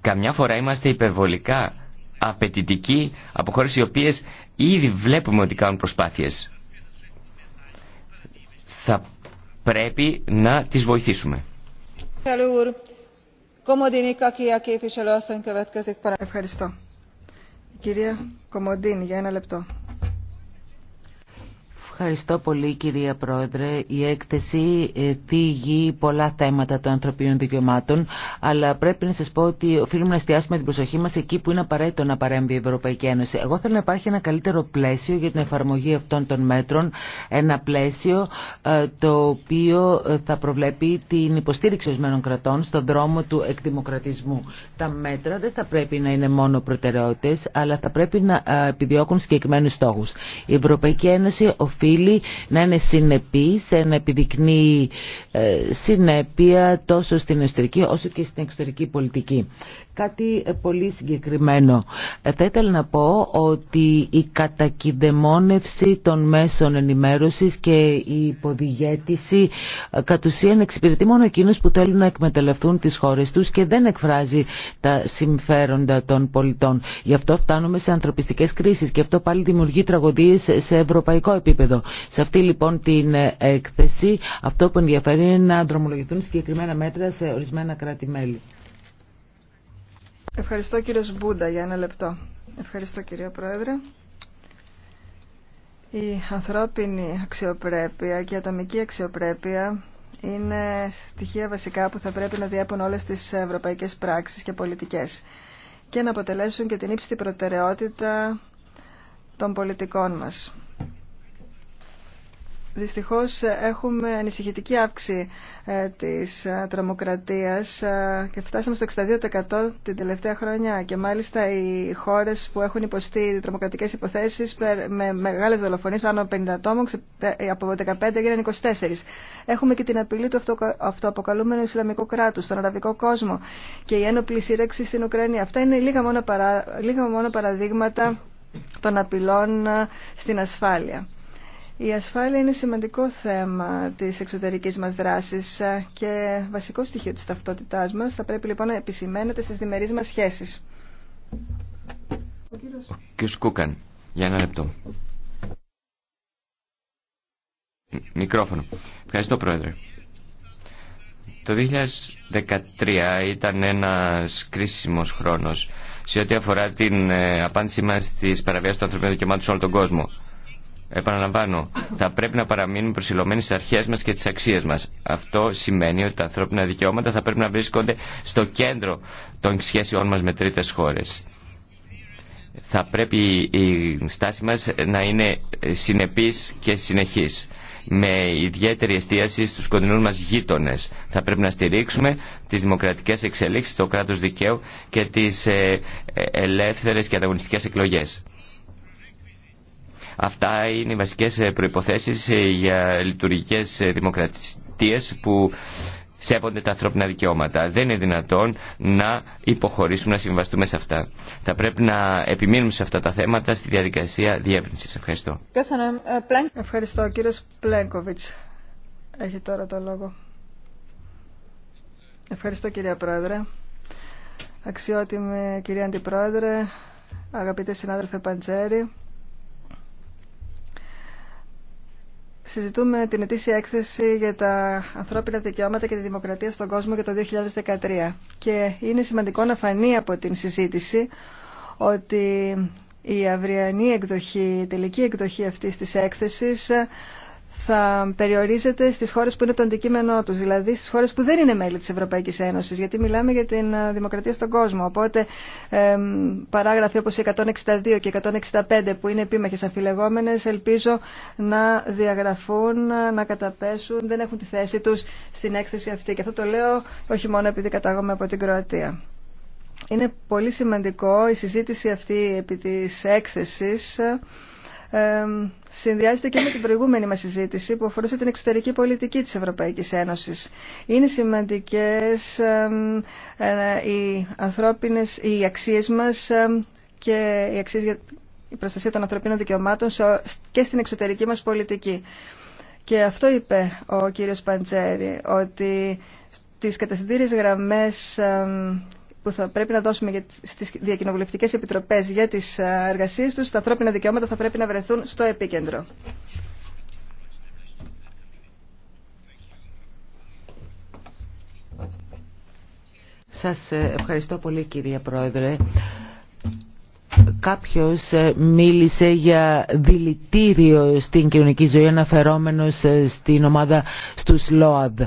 Καμιά φορά είμαστε υπερβολικά απαιτητικοί από χώρες οι οποίες ήδη βλέπουμε ότι κάνουν προσπάθειες. Θα πρέπει να τις βοηθήσουμε. Ευχαριστώ. Κυρία Κομοντίνη, για ένα λεπτό. Ευχαριστώ πολύ κυρία Πρόεδρε. Η έκθεση ε, θίγει πολλά θέματα των ανθρωπίνων δικαιωμάτων, αλλά πρέπει να σας πω ότι οφείλουμε να εστιάσουμε την προσοχή μας εκεί που είναι απαραίτητο να παρέμβει η Ευρωπαϊκή Ένωση. Εγώ θέλω να υπάρχει ένα καλύτερο πλαίσιο για την εφαρμογή αυτών των μέτρων, ένα πλαίσιο ε, το οποίο ε, θα προβλέπει την υποστήριξη ορισμένων κρατών στον δρόμο του εκδημοκρατισμού. Τα μέτρα δεν θα πρέπει να είναι μόνο προτεραιότητε, αλλά θα πρέπει να επιδιώκουν συγκεκριμένου στόχου. Η Ευρωπαϊκή Ένωση οφείλει να είναι συνεπής, να επιδεικνύει ε, συνέπεια τόσο στην εσωτερική όσο και στην εξωτερική πολιτική. Κάτι ε, πολύ συγκεκριμένο. Ε, θα ήθελα να πω ότι η κατακυδεμόνευση των μέσων ενημέρωσης και η υποδιγέτηση ε, κατ' ουσίαν εξυπηρετεί μόνο εκείνους που θέλουν να εκμεταλλευτούν τις χώρες τους και δεν εκφράζει τα συμφέροντα των πολιτών. Γι' αυτό φτάνουμε σε ανθρωπιστικές κρίσεις και αυτό πάλι δημιουργεί τραγωδίες σε ευρωπαϊκό επίπεδο. Σε αυτή λοιπόν την έκθεση αυτό που ενδιαφέρει είναι να δρομολογηθούν συγκεκριμένα μέτρα σε ορισμένα κράτη-μέλη. Ευχαριστώ κύριο Μπούντα για ένα λεπτό. Ευχαριστώ κυρία Πρόεδρε. Η ανθρώπινη αξιοπρέπεια και η ατομική αξιοπρέπεια είναι στοιχεία βασικά που θα πρέπει να διέπουν όλες τις ευρωπαϊκές πράξεις και πολιτικές και να αποτελέσουν και την ύψιστη προτεραιότητα των πολιτικών μας. Δυστυχώς έχουμε ανησυχητική αύξηση ε, της ε, τρομοκρατίας ε, και φτάσαμε στο 62% την τελευταία χρονιά και μάλιστα οι χώρες που έχουν υποστεί τρομοκρατικές υποθέσεις με μεγάλες δολοφονίες πάνω από 50 ατόμων από 15 έγιναν 24. Έχουμε και την απειλή του αυτοαποκαλούμενου Ισλαμικού κράτους στον Αραβικό κόσμο και η ένοπλη σύρεξη στην Ουκρανία. Αυτά είναι λίγα μόνο, λίγα μόνο παραδείγματα των απειλών στην ασφάλεια. Η ασφάλεια είναι σημαντικό θέμα της εξωτερικής μας δράσης και βασικό στοιχείο της ταυτότητάς μας. Θα πρέπει λοιπόν να επισημαίνεται στις διμερείς μας σχέσεις. Ο κύριος... Κούκαν, για ένα λεπτό. Μικρόφωνο. Ευχαριστώ Πρόεδρε. Το 2013 ήταν ένας κρίσιμος χρόνος σε ό,τι αφορά την ε, απάντησή μας στις παραβιάσεις των ανθρωπίνων δικαιωμάτων σε όλο τον κόσμο. Επαναλαμβάνω, θα πρέπει να παραμείνουμε προσιλωμένοι στι αρχέ μα και τι αξίε μα. Αυτό σημαίνει ότι τα ανθρώπινα δικαιώματα θα πρέπει να βρίσκονται στο κέντρο των σχέσεών μα με τρίτε χώρε. Θα πρέπει η στάση μα να είναι συνεπής και συνεχής με ιδιαίτερη εστίαση στους κοντινού μα γείτονε. Θα πρέπει να στηρίξουμε τι δημοκρατικέ εξελίξει, το κράτο δικαίου και τις ε, ε, ελεύθερε και ανταγωνιστικέ εκλογέ. Αυτά είναι οι βασικές ε, προϋποθέσεις ε, για λειτουργικές ε, δημοκρατίες που σέβονται τα ανθρώπινα δικαιώματα. Δεν είναι δυνατόν να υποχωρήσουμε, να συμβαστούμε σε αυτά. Θα πρέπει να επιμείνουμε σε αυτά τα θέματα στη διαδικασία διεύρυνσης. Ευχαριστώ. Ευχαριστώ. Κύριος Πλέγκοβιτς έχει τώρα το λόγο. Ευχαριστώ κυρία Πρόεδρε. Αξιότιμη κυρία Αντιπρόεδρε, αγαπητέ συνάδελφε Παντζέρη. συζητούμε την ετήσια έκθεση για τα ανθρώπινα δικαιώματα και τη δημοκρατία στον κόσμο για το 2013. Και είναι σημαντικό να φανεί από την συζήτηση ότι η αυριανή εκδοχή, η τελική εκδοχή αυτής της έκθεσης θα περιορίζεται στις χώρες που είναι το αντικείμενό τους, δηλαδή στις χώρες που δεν είναι μέλη της Ευρωπαϊκής Ένωσης, γιατί μιλάμε για την ε, δημοκρατία στον κόσμο. Οπότε παράγραφοι όπως 162 και 165 που είναι επίμαχες αμφιλεγόμενες, ελπίζω να διαγραφούν, να καταπέσουν, δεν έχουν τη θέση τους στην έκθεση αυτή. Και αυτό το λέω όχι μόνο επειδή κατάγομαι από την Κροατία. Είναι πολύ σημαντικό η συζήτηση αυτή επί της έκθεσης συνδυάζεται και με την προηγούμενη μας συζήτηση που αφορούσε την εξωτερική πολιτική της Ευρωπαϊκής Ένωσης. Είναι σημαντικές ε, οι ανθρώπινες, οι αξίες μας και οι αξίες για η προστασία των ανθρωπίνων δικαιωμάτων και στην εξωτερική μας πολιτική. Και αυτό είπε ο κύριος Παντζέρη, ότι στις κατευθυντήριες γραμμές που θα πρέπει να δώσουμε στι διακοινοβουλευτικέ επιτροπές για τις ε, εργασίες του. τα ανθρώπινα δικαιώματα θα πρέπει να βρεθούν στο επίκεντρο. Σας ε, ευχαριστώ πολύ κυρία Πρόεδρε. Κάποιος ε, μίλησε για δηλητήριο στην κοινωνική ζωή αναφερόμενος στην ομάδα στους ΛΟΑΔ.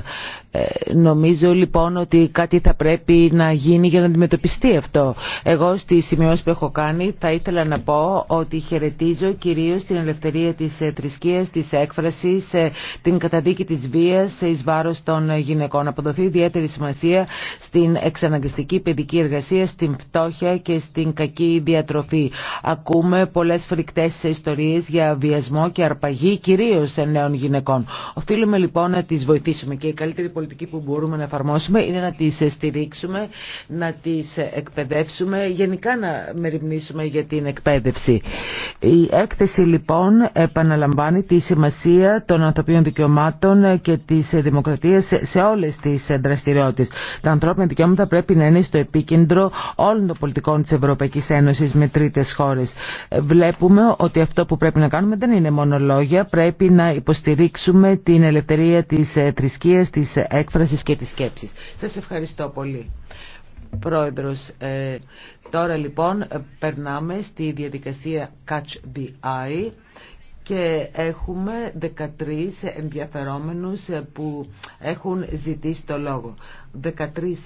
Ε, νομίζω λοιπόν ότι κάτι θα πρέπει να γίνει για να αντιμετωπιστεί αυτό. Εγώ στη σημειώση που έχω κάνει θα ήθελα να πω ότι χαιρετίζω κυρίως την ελευθερία της ε, θρησκείας, της έκφρασης, ε, την καταδίκη της βίας εις βάρος των γυναικών. Αποδοθεί ιδιαίτερη σημασία στην εξαναγκαστική παιδική εργασία, στην φτώχεια και στην κακή διατροφή. Ακούμε πολλές φρικτές ιστορίες για βιασμό και αρπαγή κυρίως νέων γυναικών. Οφείλουμε λοιπόν να τις βοηθήσουμε και η καλύτερη πολιτική που μπορούμε να εφαρμόσουμε είναι να τις στηρίξουμε, να τις εκπαιδεύσουμε, γενικά να μεριμνήσουμε για την εκπαίδευση. Η έκθεση λοιπόν επαναλαμβάνει τη σημασία των ανθρωπίνων δικαιωμάτων και της δημοκρατία σε όλες τι δραστηριότητε. Τα ανθρώπινα δικαιώματα πρέπει να είναι στο επίκεντρο όλων των πολιτικών της Ευρωπαϊκής Ένωσης με τρίτες χώρες. Βλέπουμε ότι αυτό που πρέπει να κάνουμε δεν είναι μόνο λόγια, πρέπει να υποστηρίξουμε την ελευθερία της ε, θρησκείας, της Έκφραση και της σκέψη. Σα ευχαριστώ πολύ. Πρόεδρος, ε, τώρα λοιπόν ε, περνάμε στη διαδικασία Catch the Eye και έχουμε 13 ενδιαφερόμενους ε, που έχουν ζητήσει το λόγο. 13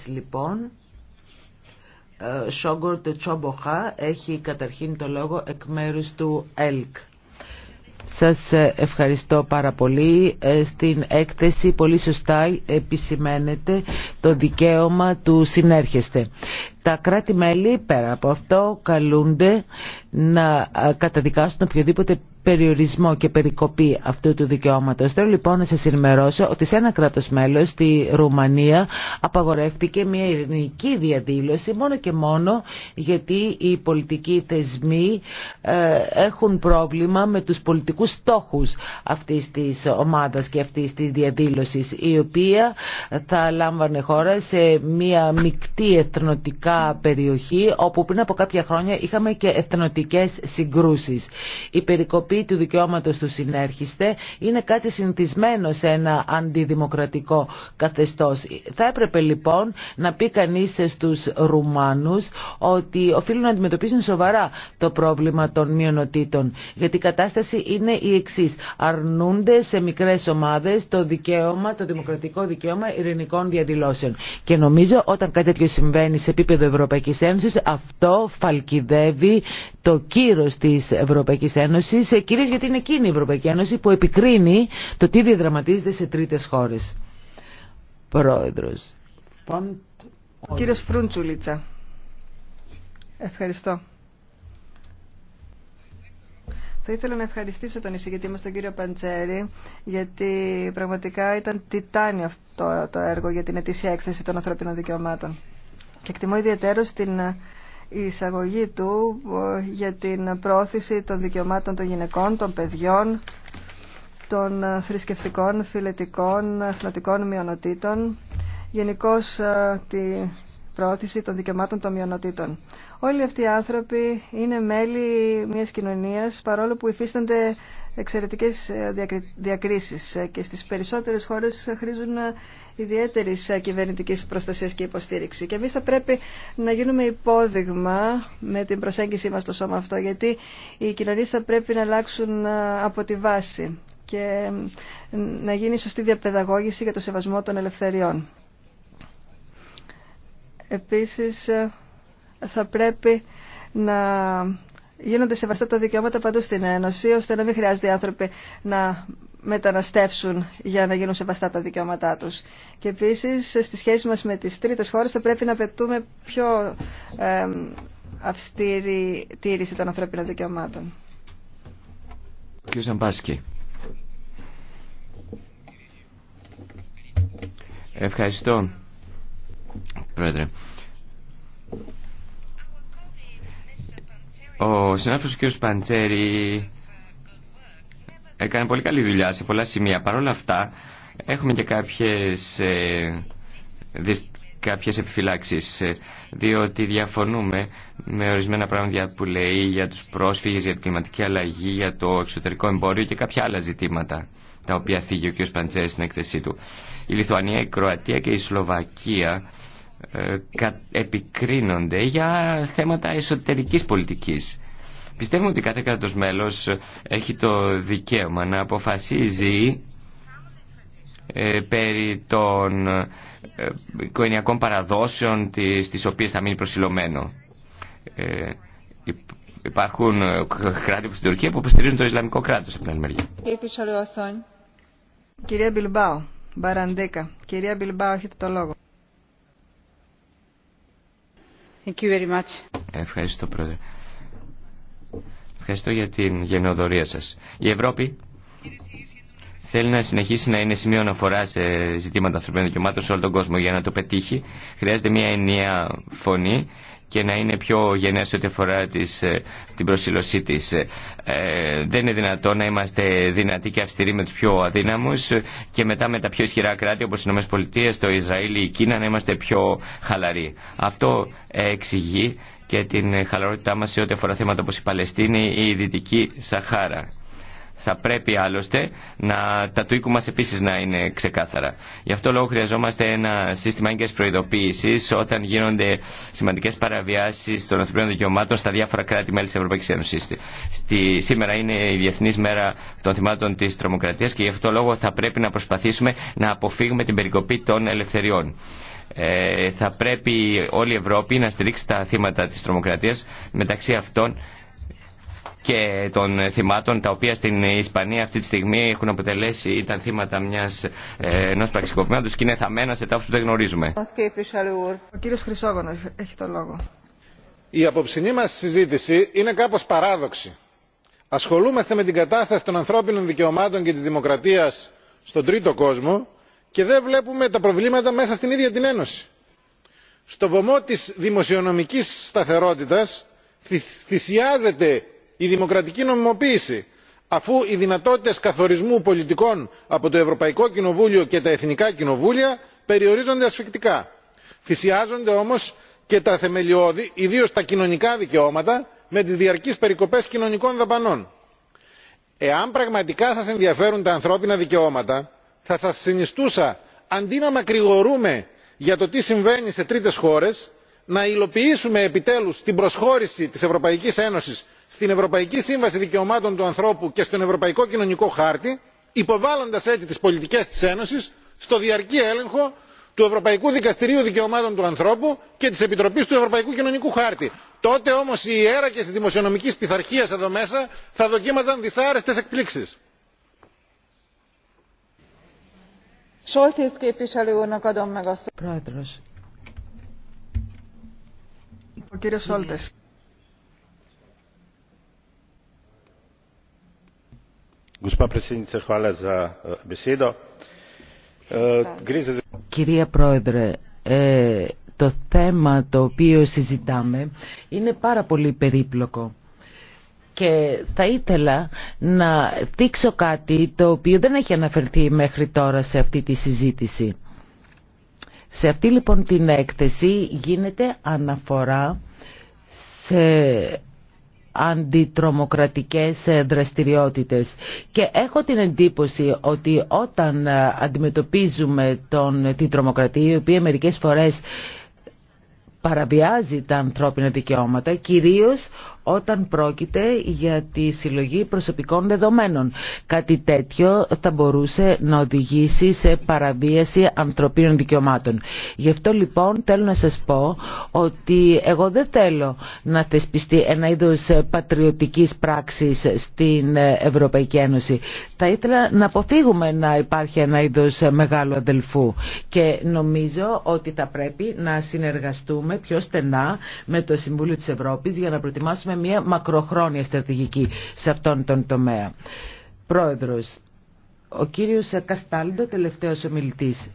λοιπόν, Σόγκορτ Τσόμποχα έχει καταρχήν το λόγο εκ μέρους του ΕΛΚ. Σας ε, ευχαριστώ πάρα πολύ. Ε, στην έκθεση πολύ σωστά επισημαίνεται το δικαίωμα του συνέρχεστε. Τα κράτη-μέλη πέρα από αυτό καλούνται να ε, καταδικάσουν οποιοδήποτε περιορισμό και περικοπή αυτού του δικαιώματο. Θέλω λοιπόν να σα ενημερώσω ότι σε ένα κρατο μέλο στη Ρουμανία, απαγορεύτηκε μια ειρηνική διαδήλωση μόνο και μόνο γιατί οι πολιτικοί θεσμοί ε, έχουν πρόβλημα με τους πολιτικού στόχου αυτή της ομάδα και αυτής της διαδήλωση, η οποία θα λάμβανε χώρα σε μια μεικτή εθνοτικά περιοχή όπου πριν από κάποια χρόνια είχαμε και εθνοτικέ συγκρούσει. Η περικοπή του δικαιώματος του συνέρχεστε είναι κάτι συνηθισμένο σε ένα αντιδημοκρατικό καθεστώς. Θα έπρεπε λοιπόν να πει κανείς στους Ρουμάνους ότι οφείλουν να αντιμετωπίσουν σοβαρά το πρόβλημα των μειονοτήτων. Γιατί η κατάσταση είναι η εξή. Αρνούνται σε μικρές ομάδες το δικαίωμα, το δημοκρατικό δικαίωμα ειρηνικών διαδηλώσεων. Και νομίζω όταν κάτι τέτοιο συμβαίνει σε επίπεδο Ευρωπαϊκής Ένωσης αυτό φαλκιδεύει το κύρος της Ευρωπαϊκής Ένωσης κυρίως γιατί είναι εκείνη η Ευρωπαϊκή Ένωση που επικρίνει το τι διαδραματίζεται σε τρίτες χώρες. Πρόεδρος. κύριος Φρουντσουλίτσα. Ευχαριστώ. Θα ήθελα να ευχαριστήσω τον εισηγητή μας τον κύριο Παντσέρη γιατί πραγματικά ήταν τιτάνιο αυτό το έργο για την ετήσια έκθεση των ανθρωπίνων δικαιωμάτων. Και εκτιμώ ιδιαίτερο την η εισαγωγή του ε, για την πρόθεση των δικαιωμάτων των γυναικών, των παιδιών, των ε, θρησκευτικών, φιλετικών, εθνοτικών μειονοτήτων, γενικώ ε, τη πρόθεση των δικαιωμάτων των μειονοτήτων. Όλοι αυτοί οι άνθρωποι είναι μέλη μιας κοινωνίας παρόλο που υφίστανται εξαιρετικές ε, διακρίσεις ε, και στις περισσότερες χώρες χρήζουν ε, ιδιαίτερης κυβερνητικής προστασίας και υποστήριξη. Και εμείς θα πρέπει να γίνουμε υπόδειγμα με την προσέγγιση μας στο σώμα αυτό, γιατί οι κοινωνίες θα πρέπει να αλλάξουν από τη βάση και να γίνει σωστή διαπαιδαγώγηση για το σεβασμό των ελευθεριών. Επίσης, θα πρέπει να γίνονται σεβαστά τα δικαιώματα παντού στην Ένωση, ώστε να μην χρειάζεται οι άνθρωποι να μεταναστεύσουν για να γίνουν σεβαστά τα δικαιώματά τους. Και επίσης, στη σχέση μα με τις τρίτες χώρες θα πρέπει να πετούμε πιο ε, αυστήρη τήρηση των ανθρώπινων δικαιωμάτων. Ευχαριστώ, Πρόεδρε. Ο συνάδελφος ο κ. Παντσέρη έκανε πολύ καλή δουλειά σε πολλά σημεία. Παρ' όλα αυτά έχουμε και κάποιες, ε, κάποιες επιφυλάξεις ε, διότι διαφωνούμε με ορισμένα πράγματα που λέει για τους πρόσφυγες, για την κλιματική αλλαγή, για το εξωτερικό εμπόριο και κάποια άλλα ζητήματα τα οποία θίγει ο κ. Παντσέρη στην έκθεσή του. Η Λιθουανία, η Κροατία και η Σλοβακία ε, επικρίνονται για θέματα εσωτερικής πολιτικής. Πιστεύουμε ότι κάθε κράτος μέλος έχει το δικαίωμα να αποφασίζει ε, περί των ε, οικογενειακών παραδόσεων στις οποίες θα μείνει προσιλωμένο. Υπάρχουν κράτη όπως στην Τουρκία που υποστηρίζουν το Ισλαμικό κράτος από την άλλη Κυρία Μπιλμπάου, Μπαραντέκα, Κυρία Μπιλμπάου, έχετε το λόγο. Ευχαριστώ, Πρόεδρε. Ευχαριστώ για την γενοδορία σας. Η Ευρώπη θέλει να συνεχίσει να είναι σημείο αναφορά σε ζητήματα ανθρωπίνων δικαιωμάτων σε όλο τον κόσμο. Για να το πετύχει, χρειάζεται μια ενιαία φωνή, και να είναι πιο γενναίες ό,τι αφορά της, ε, την προσήλωσή της. Ε, δεν είναι δυνατό να είμαστε δυνατοί και αυστηροί με τους πιο αδύναμους και μετά με τα πιο ισχυρά κράτη όπως οι ΗΠΑ, το Ισραήλ ή η Κίνα να είμαστε πιο χαλαροί. Αυτό εξηγεί και την χαλαρότητά μας σε ό,τι αφορά θέματα όπως η Παλαιστίνη ή η Δυτική Σαχάρα. Θα πρέπει άλλωστε να, τα του οίκου μας επίσης να είναι ξεκάθαρα. Γι' αυτό λόγο χρειαζόμαστε ένα σύστημα έγκαιρη προειδοποίησης όταν γίνονται σημαντικές παραβιάσεις των ανθρωπίνων δικαιωμάτων στα διάφορα κράτη-μέλη της Ευρωπαϊκής Ένωσης. σήμερα είναι η Διεθνής Μέρα των Θυμάτων της Τρομοκρατίας και γι' αυτό λόγο θα πρέπει να προσπαθήσουμε να αποφύγουμε την περικοπή των ελευθεριών ε, θα πρέπει όλη η Ευρώπη να στηρίξει τα θύματα της τρομοκρατίας μεταξύ αυτών και των θυμάτων τα οποία στην Ισπανία αυτή τη στιγμή έχουν αποτελέσει ήταν θύματα μιας, ε, ενός πραξικοπήματος και είναι θαμμένα σε τάφους που δεν γνωρίζουμε. Ο κύριος Χρυσόγωνος έχει το λόγο. Η απόψηνή μας συζήτηση είναι κάπως παράδοξη. Ασχολούμαστε με την κατάσταση των ανθρώπινων δικαιωμάτων και της δημοκρατίας στον τρίτο κόσμο και δεν βλέπουμε τα προβλήματα μέσα στην ίδια την Ένωση. Στο βωμό της δημοσιονομικής σταθερότητας θυσιάζεται η δημοκρατική νομιμοποίηση αφού οι δυνατότητες καθορισμού πολιτικών από το ευρωπαϊκό κοινοβούλιο και τα εθνικά κοινοβούλια περιορίζονται ασφικτικά. θυσιάζονται όμως και τα θεμελιώδη ιδίως τα κοινωνικά δικαιώματα με τις διαρκείς περικοπές κοινωνικών δαπανών. εάν πραγματικά σας ενδιαφέρουν τα ανθρώπινα δικαιώματα θα σας συνιστούσα αντί να μακρηγορούμε για το τι συμβαίνει σε τρίτες χώρες να υλοποιήσουμε επιτέλους την προσχώρηση της ευρωπαϊκής ένωσης στην ευρωπαϊκή σύμβαση δικαιωμάτων του ανθρώπου και στον ευρωπαϊκό κοινωνικό χάρτη υποβάλλοντας έτσι τις πολιτικές της ένωσης στο διαρκή έλεγχο του ευρωπαϊκού δικαστηρίου δικαιωμάτων του ανθρώπου και της επιτροπής του ευρωπαϊκού κοινωνικού χάρτη. τότε όμως οι ιέρακες της δημοσιονομικής πειθαρχίας εδώ μέσα θα δοκίμαζαν δυσάρεστες εκπλήξεις. Eh, eh, Κυρία Πρόεδρε, ε, το θέμα το οποίο συζητάμε είναι πάρα πολύ περίπλοκο και θα ήθελα να δείξω κάτι το οποίο δεν έχει αναφερθεί μέχρι τώρα σε αυτή τη συζήτηση. Σε αυτή λοιπόν την έκθεση γίνεται αναφορά σε αντιτρομοκρατικές ε, δραστηριότητες. Και έχω την εντύπωση ότι όταν ε, αντιμετωπίζουμε τον, ε, την τρομοκρατία, η οποία μερικές φορές παραβιάζει τα ανθρώπινα δικαιώματα, κυρίως όταν πρόκειται για τη συλλογή προσωπικών δεδομένων. Κάτι τέτοιο θα μπορούσε να οδηγήσει σε παραβίαση ανθρωπίνων δικαιωμάτων. Γι' αυτό λοιπόν θέλω να σας πω ότι εγώ δεν θέλω να θεσπιστεί ένα είδος πατριωτικής πράξης στην Ευρωπαϊκή Ένωση. Θα ήθελα να αποφύγουμε να υπάρχει ένα είδος μεγάλου αδελφού και νομίζω ότι θα πρέπει να συνεργαστούμε πιο στενά με το Συμβούλιο της Ευρώπης για να προετοιμάσουμε μια μακροχρόνια στρατηγική σε αυτόν τον τομέα. Πρόεδρος, ο κύριος Καστάλντο, τελευταίος ομιλητής.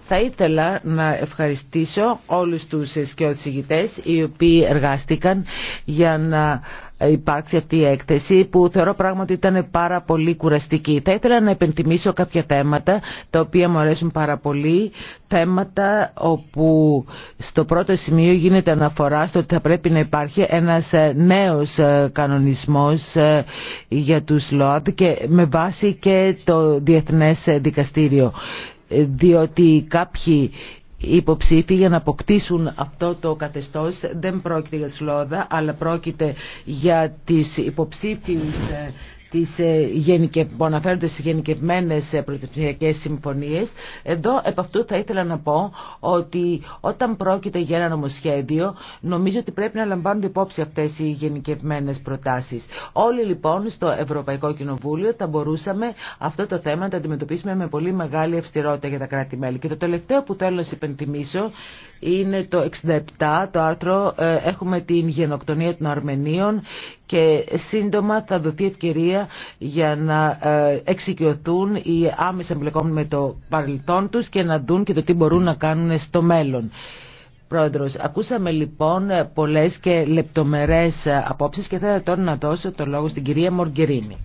Θα ήθελα να ευχαριστήσω όλους τους σκιώδης οι οποίοι εργάστηκαν για να υπάρξει αυτή η έκθεση που θεωρώ πράγματι ήταν πάρα πολύ κουραστική. Θα ήθελα να επενθυμίσω κάποια θέματα τα οποία μου αρέσουν πάρα πολύ. Θέματα όπου στο πρώτο σημείο γίνεται αναφορά στο ότι θα πρέπει να υπάρχει ένας ε, νέος ε, κανονισμός ε, για τους ΛΟΑΤ και με βάση και το Διεθνές Δικαστήριο διότι κάποιοι οι υποψήφοι για να αποκτήσουν αυτό το κατεστώς. δεν πρόκειται για τη Σλόδα αλλά πρόκειται για τις υποψήφιους ε, τις, ε, που αναφέρονται στις γενικευμένες ε, πρωτεψηφιακές συμφωνίες. Εδώ επ' αυτού θα ήθελα να πω ότι όταν πρόκειται για ένα νομοσχέδιο νομίζω ότι πρέπει να λαμβάνονται υπόψη αυτές οι γενικευμένες προτάσεις. Όλοι λοιπόν στο Ευρωπαϊκό Κοινοβούλιο θα μπορούσαμε αυτό το θέμα να το αντιμετωπίσουμε με πολύ μεγάλη αυστηρότητα για τα κράτη-μέλη. Και το τελευταίο που θέλω να σας υπενθυμίσω είναι το 67, το άρθρο ε, έχουμε την γενοκτονία των Αρμενίων και σύντομα θα δοθεί ευκαιρία για να ε, εξοικειωθούν οι άμεσα εμπλεκόμενοι με το παρελθόν τους και να δουν και το τι μπορούν να κάνουν στο μέλλον. Πρόεδρος, ακούσαμε λοιπόν πολλές και λεπτομερές απόψεις και θα τώρα να δώσω το λόγο στην κυρία Μοργκερίνη.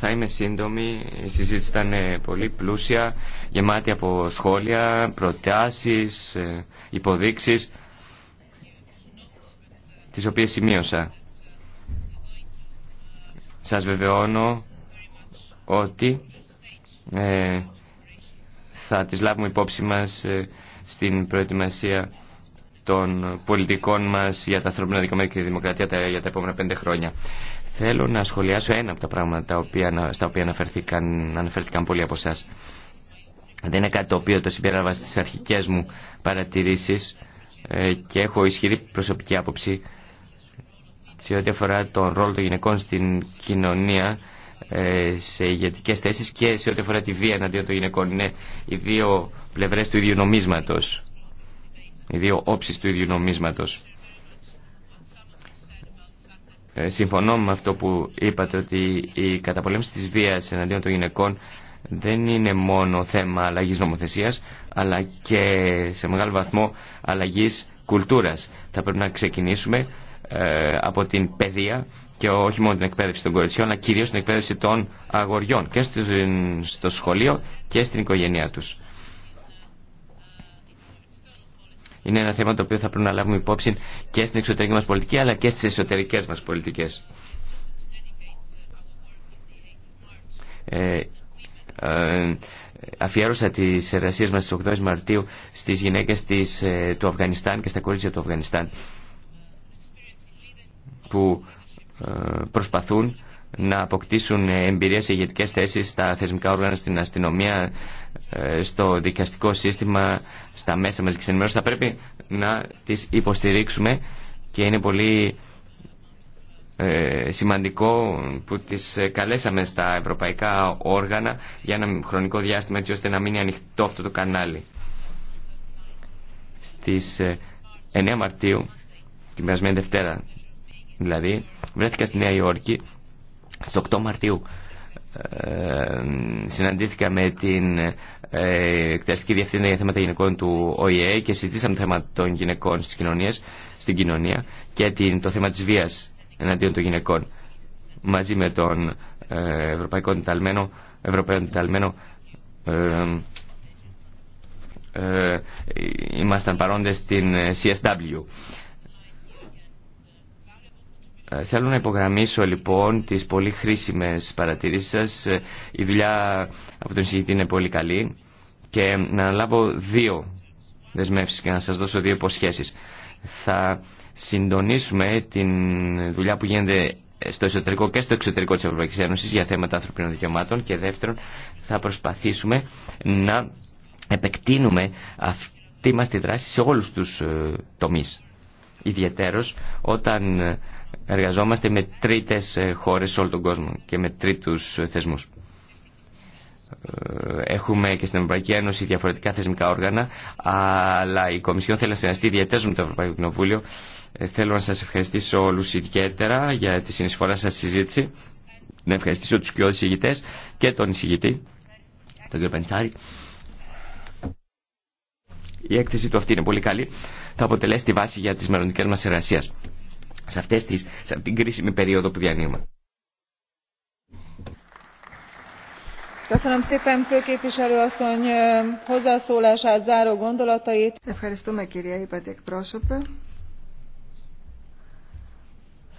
Θα είμαι σύντομη, η συζήτηση ήταν ε, πολύ πλούσια, γεμάτη από σχόλια, προτάσεις, ε, υποδείξεις τις οποίες σημείωσα. Σας βεβαιώνω ότι ε, θα τις λάβουμε υπόψη μας ε, στην προετοιμασία των πολιτικών μας για τα ανθρώπινα δικαιώματα και τη δημοκρατία τα, για τα επόμενα πέντε χρόνια. Θέλω να σχολιάσω ένα από τα πράγματα τα οποία, στα οποία αναφερθήκαν, αναφερθήκαν πολλοί από εσά. Δεν είναι κάτι το οποίο το συμπέραβα στις αρχικές μου παρατηρήσεις ε, και έχω ισχυρή προσωπική άποψη σε ό,τι αφορά τον ρόλο των γυναικών στην κοινωνία ε, σε ηγετικέ θέσει και σε ό,τι αφορά τη βία εναντίον των γυναικών. Είναι οι δύο πλευρέ του ίδιου νομίσματο. Οι δύο όψει του ίδιου νομίσματο. Ε, συμφωνώ με αυτό που είπατε ότι η καταπολέμηση της βίας εναντίον των γυναικών δεν είναι μόνο θέμα αλλαγής νομοθεσίας αλλά και σε μεγάλο βαθμό αλλαγής κουλτούρας. Θα πρέπει να ξεκινήσουμε ε, από την παιδεία και όχι μόνο την εκπαίδευση των κοριτσιών, αλλά κυρίω την εκπαίδευση των αγοριών και στο σχολείο και στην οικογένειά του. Είναι ένα θέμα το οποίο θα πρέπει να λάβουμε υπόψη και στην εξωτερική μα πολιτική, αλλά και στι εσωτερικέ μα πολιτικέ. Ε, ε, αφιέρωσα τις εργασίε μας στις 8 Μαρτίου στι γυναίκε της, ε, του Αφγανιστάν και στα κορίτσια του Αφγανιστάν που ε, προσπαθούν να αποκτήσουν εμπειρία σε ηγετικέ θέσει στα θεσμικά όργανα, στην αστυνομία, ε, στο δικαστικό σύστημα, στα μέσα μαζική ενημέρωση. Θα πρέπει να τι υποστηρίξουμε και είναι πολύ ε, σημαντικό που τις καλέσαμε στα ευρωπαϊκά όργανα για ένα χρονικό διάστημα έτσι ώστε να μείνει ανοιχτό αυτό το κανάλι. Στις 9 Μαρτίου, την περασμένη Δευτέρα, δηλαδή βρέθηκα στη Νέα Υόρκη στις 8 Μαρτίου ε, συναντήθηκα με την ε, εκτελεστική για θέματα γυναικών του ΟΗΕ και συζητήσαμε το θέμα των γυναικών στις κοινωνίες, στην κοινωνία και το θέμα της βίας εναντίον των γυναικών μαζί με τον ε, Ευρωπαϊκό Ενταλμένο Ευρωπαίο ε, ε, ήμασταν παρόντες στην ε, CSW. Ε, θέλω να υπογραμμίσω λοιπόν τις πολύ χρήσιμες παρατηρήσεις σας. Ε, η δουλειά από τον συγητή είναι πολύ καλή και να αναλάβω δύο δεσμεύσεις και να σας δώσω δύο υποσχέσεις. Θα συντονίσουμε την δουλειά που γίνεται στο εσωτερικό και στο εξωτερικό της Ευρωπαϊκής Ένωσης για θέματα ανθρωπίνων δικαιωμάτων και δεύτερον θα προσπαθήσουμε να επεκτείνουμε αυτή μας τη δράση σε όλους τους ε, τομείς. Ιδιαίτερος όταν εργαζόμαστε με τρίτες ε, χώρες σε όλο τον κόσμο και με τρίτους ε, θεσμούς. Ε, έχουμε και στην Ευρωπαϊκή Ένωση διαφορετικά θεσμικά όργανα, αλλά η Κομισιόν θέλει να συνεργαστεί ιδιαίτερα με το Ευρωπαϊκό Κοινοβούλιο. Θέλω να σας ευχαριστήσω όλους ιδιαίτερα για τη συνεισφορά σας στη συζήτηση. Να ευχαριστήσω τους κοιόδης ηγητές και τον εισηγητή, τον κ. Πεντσάρη. Η έκθεση του αυτή είναι πολύ καλή. Θα αποτελέσει τη βάση για τις μελλοντικές μας εργασίε σε, αυτές τις, σε αυτήν την κρίσιμη περίοδο που διανύουμε. Ευχαριστούμε κυρία Ήπατη εκπρόσωπε.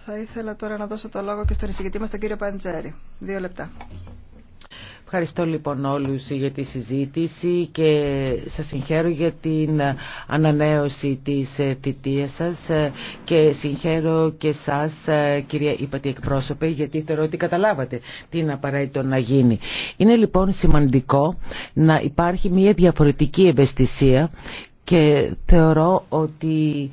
Θα ήθελα τώρα να δώσω το λόγο και στον εισηγητή μας τον κύριο Παντζέρη. Δύο λεπτά. Ευχαριστώ λοιπόν όλους για τη συζήτηση και σας συγχαίρω για την ανανέωση της θητείας σας και συγχαίρω και σας κυρία Υπατή εκπρόσωπε γιατί θεωρώ ότι καταλάβατε τι είναι απαραίτητο να γίνει. Είναι λοιπόν σημαντικό να υπάρχει μια διαφορετική ευαισθησία και θεωρώ ότι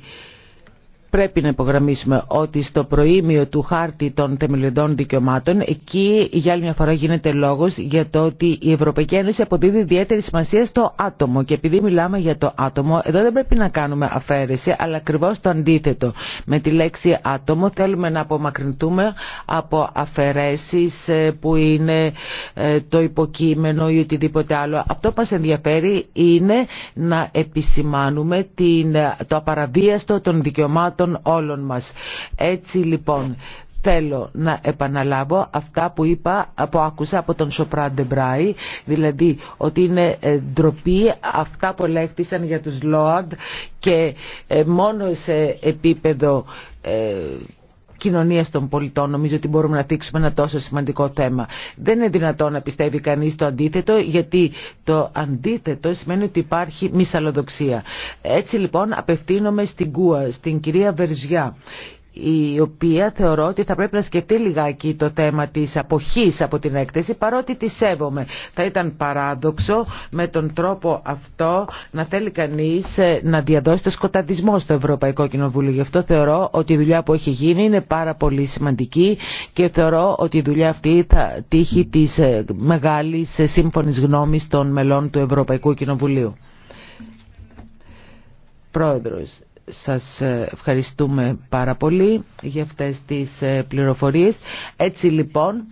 πρέπει να υπογραμμίσουμε ότι στο προήμιο του χάρτη των θεμελιωδών δικαιωμάτων εκεί για άλλη μια φορά γίνεται λόγος για το ότι η Ευρωπαϊκή Ένωση αποδίδει ιδιαίτερη σημασία στο άτομο και επειδή μιλάμε για το άτομο εδώ δεν πρέπει να κάνουμε αφαίρεση αλλά ακριβώ το αντίθετο. Με τη λέξη άτομο θέλουμε να απομακρυνθούμε από αφαιρέσει ε, που είναι ε, το υποκείμενο ή οτιδήποτε άλλο. Αυτό που μας ενδιαφέρει είναι να επισημάνουμε ε, το απαραβίαστο των δικαιωμάτων των όλων μας. Έτσι λοιπόν θέλω να επαναλάβω αυτά που είπα, που άκουσα από τον Σοπράν Ντεμπράι, δηλαδή ότι είναι ε, ντροπή αυτά που ελέγχθησαν για τους ΛΟΑΔ και ε, μόνο σε επίπεδο ε, κοινωνίας των πολιτών νομίζω ότι μπορούμε να δείξουμε ένα τόσο σημαντικό θέμα. Δεν είναι δυνατόν να πιστεύει κανείς το αντίθετο γιατί το αντίθετο σημαίνει ότι υπάρχει μυσαλλοδοξία. Έτσι λοιπόν απευθύνομαι στην ΚΟΥΑ, στην κυρία Βερζιά η οποία θεωρώ ότι θα πρέπει να σκεφτεί λιγάκι το θέμα της αποχής από την έκθεση παρότι τη σέβομαι. Θα ήταν παράδοξο με τον τρόπο αυτό να θέλει κανείς ε, να διαδώσει το σκοταδισμό στο Ευρωπαϊκό Κοινοβούλιο. Γι' αυτό θεωρώ ότι η δουλειά που έχει γίνει είναι πάρα πολύ σημαντική και θεωρώ ότι η δουλειά αυτή θα τύχει της ε, μεγάλης ε, σύμφωνης γνώμης των μελών του Ευρωπαϊκού Κοινοβουλίου. Πρόεδρος, σας ε, ευχαριστούμε πάρα πολύ για αυτές τις ε, πληροφορίες. Έτσι λοιπόν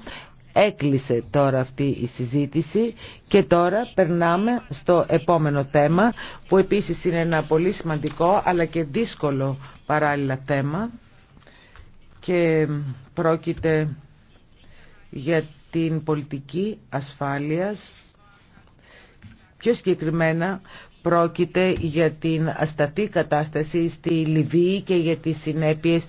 έκλεισε τώρα αυτή η συζήτηση και τώρα περνάμε στο επόμενο θέμα που επίσης είναι ένα πολύ σημαντικό αλλά και δύσκολο παράλληλα θέμα και πρόκειται για την πολιτική ασφάλειας πιο συγκεκριμένα Πρόκειται για την αστατή κατάσταση στη Λιβύη και για τις συνέπειες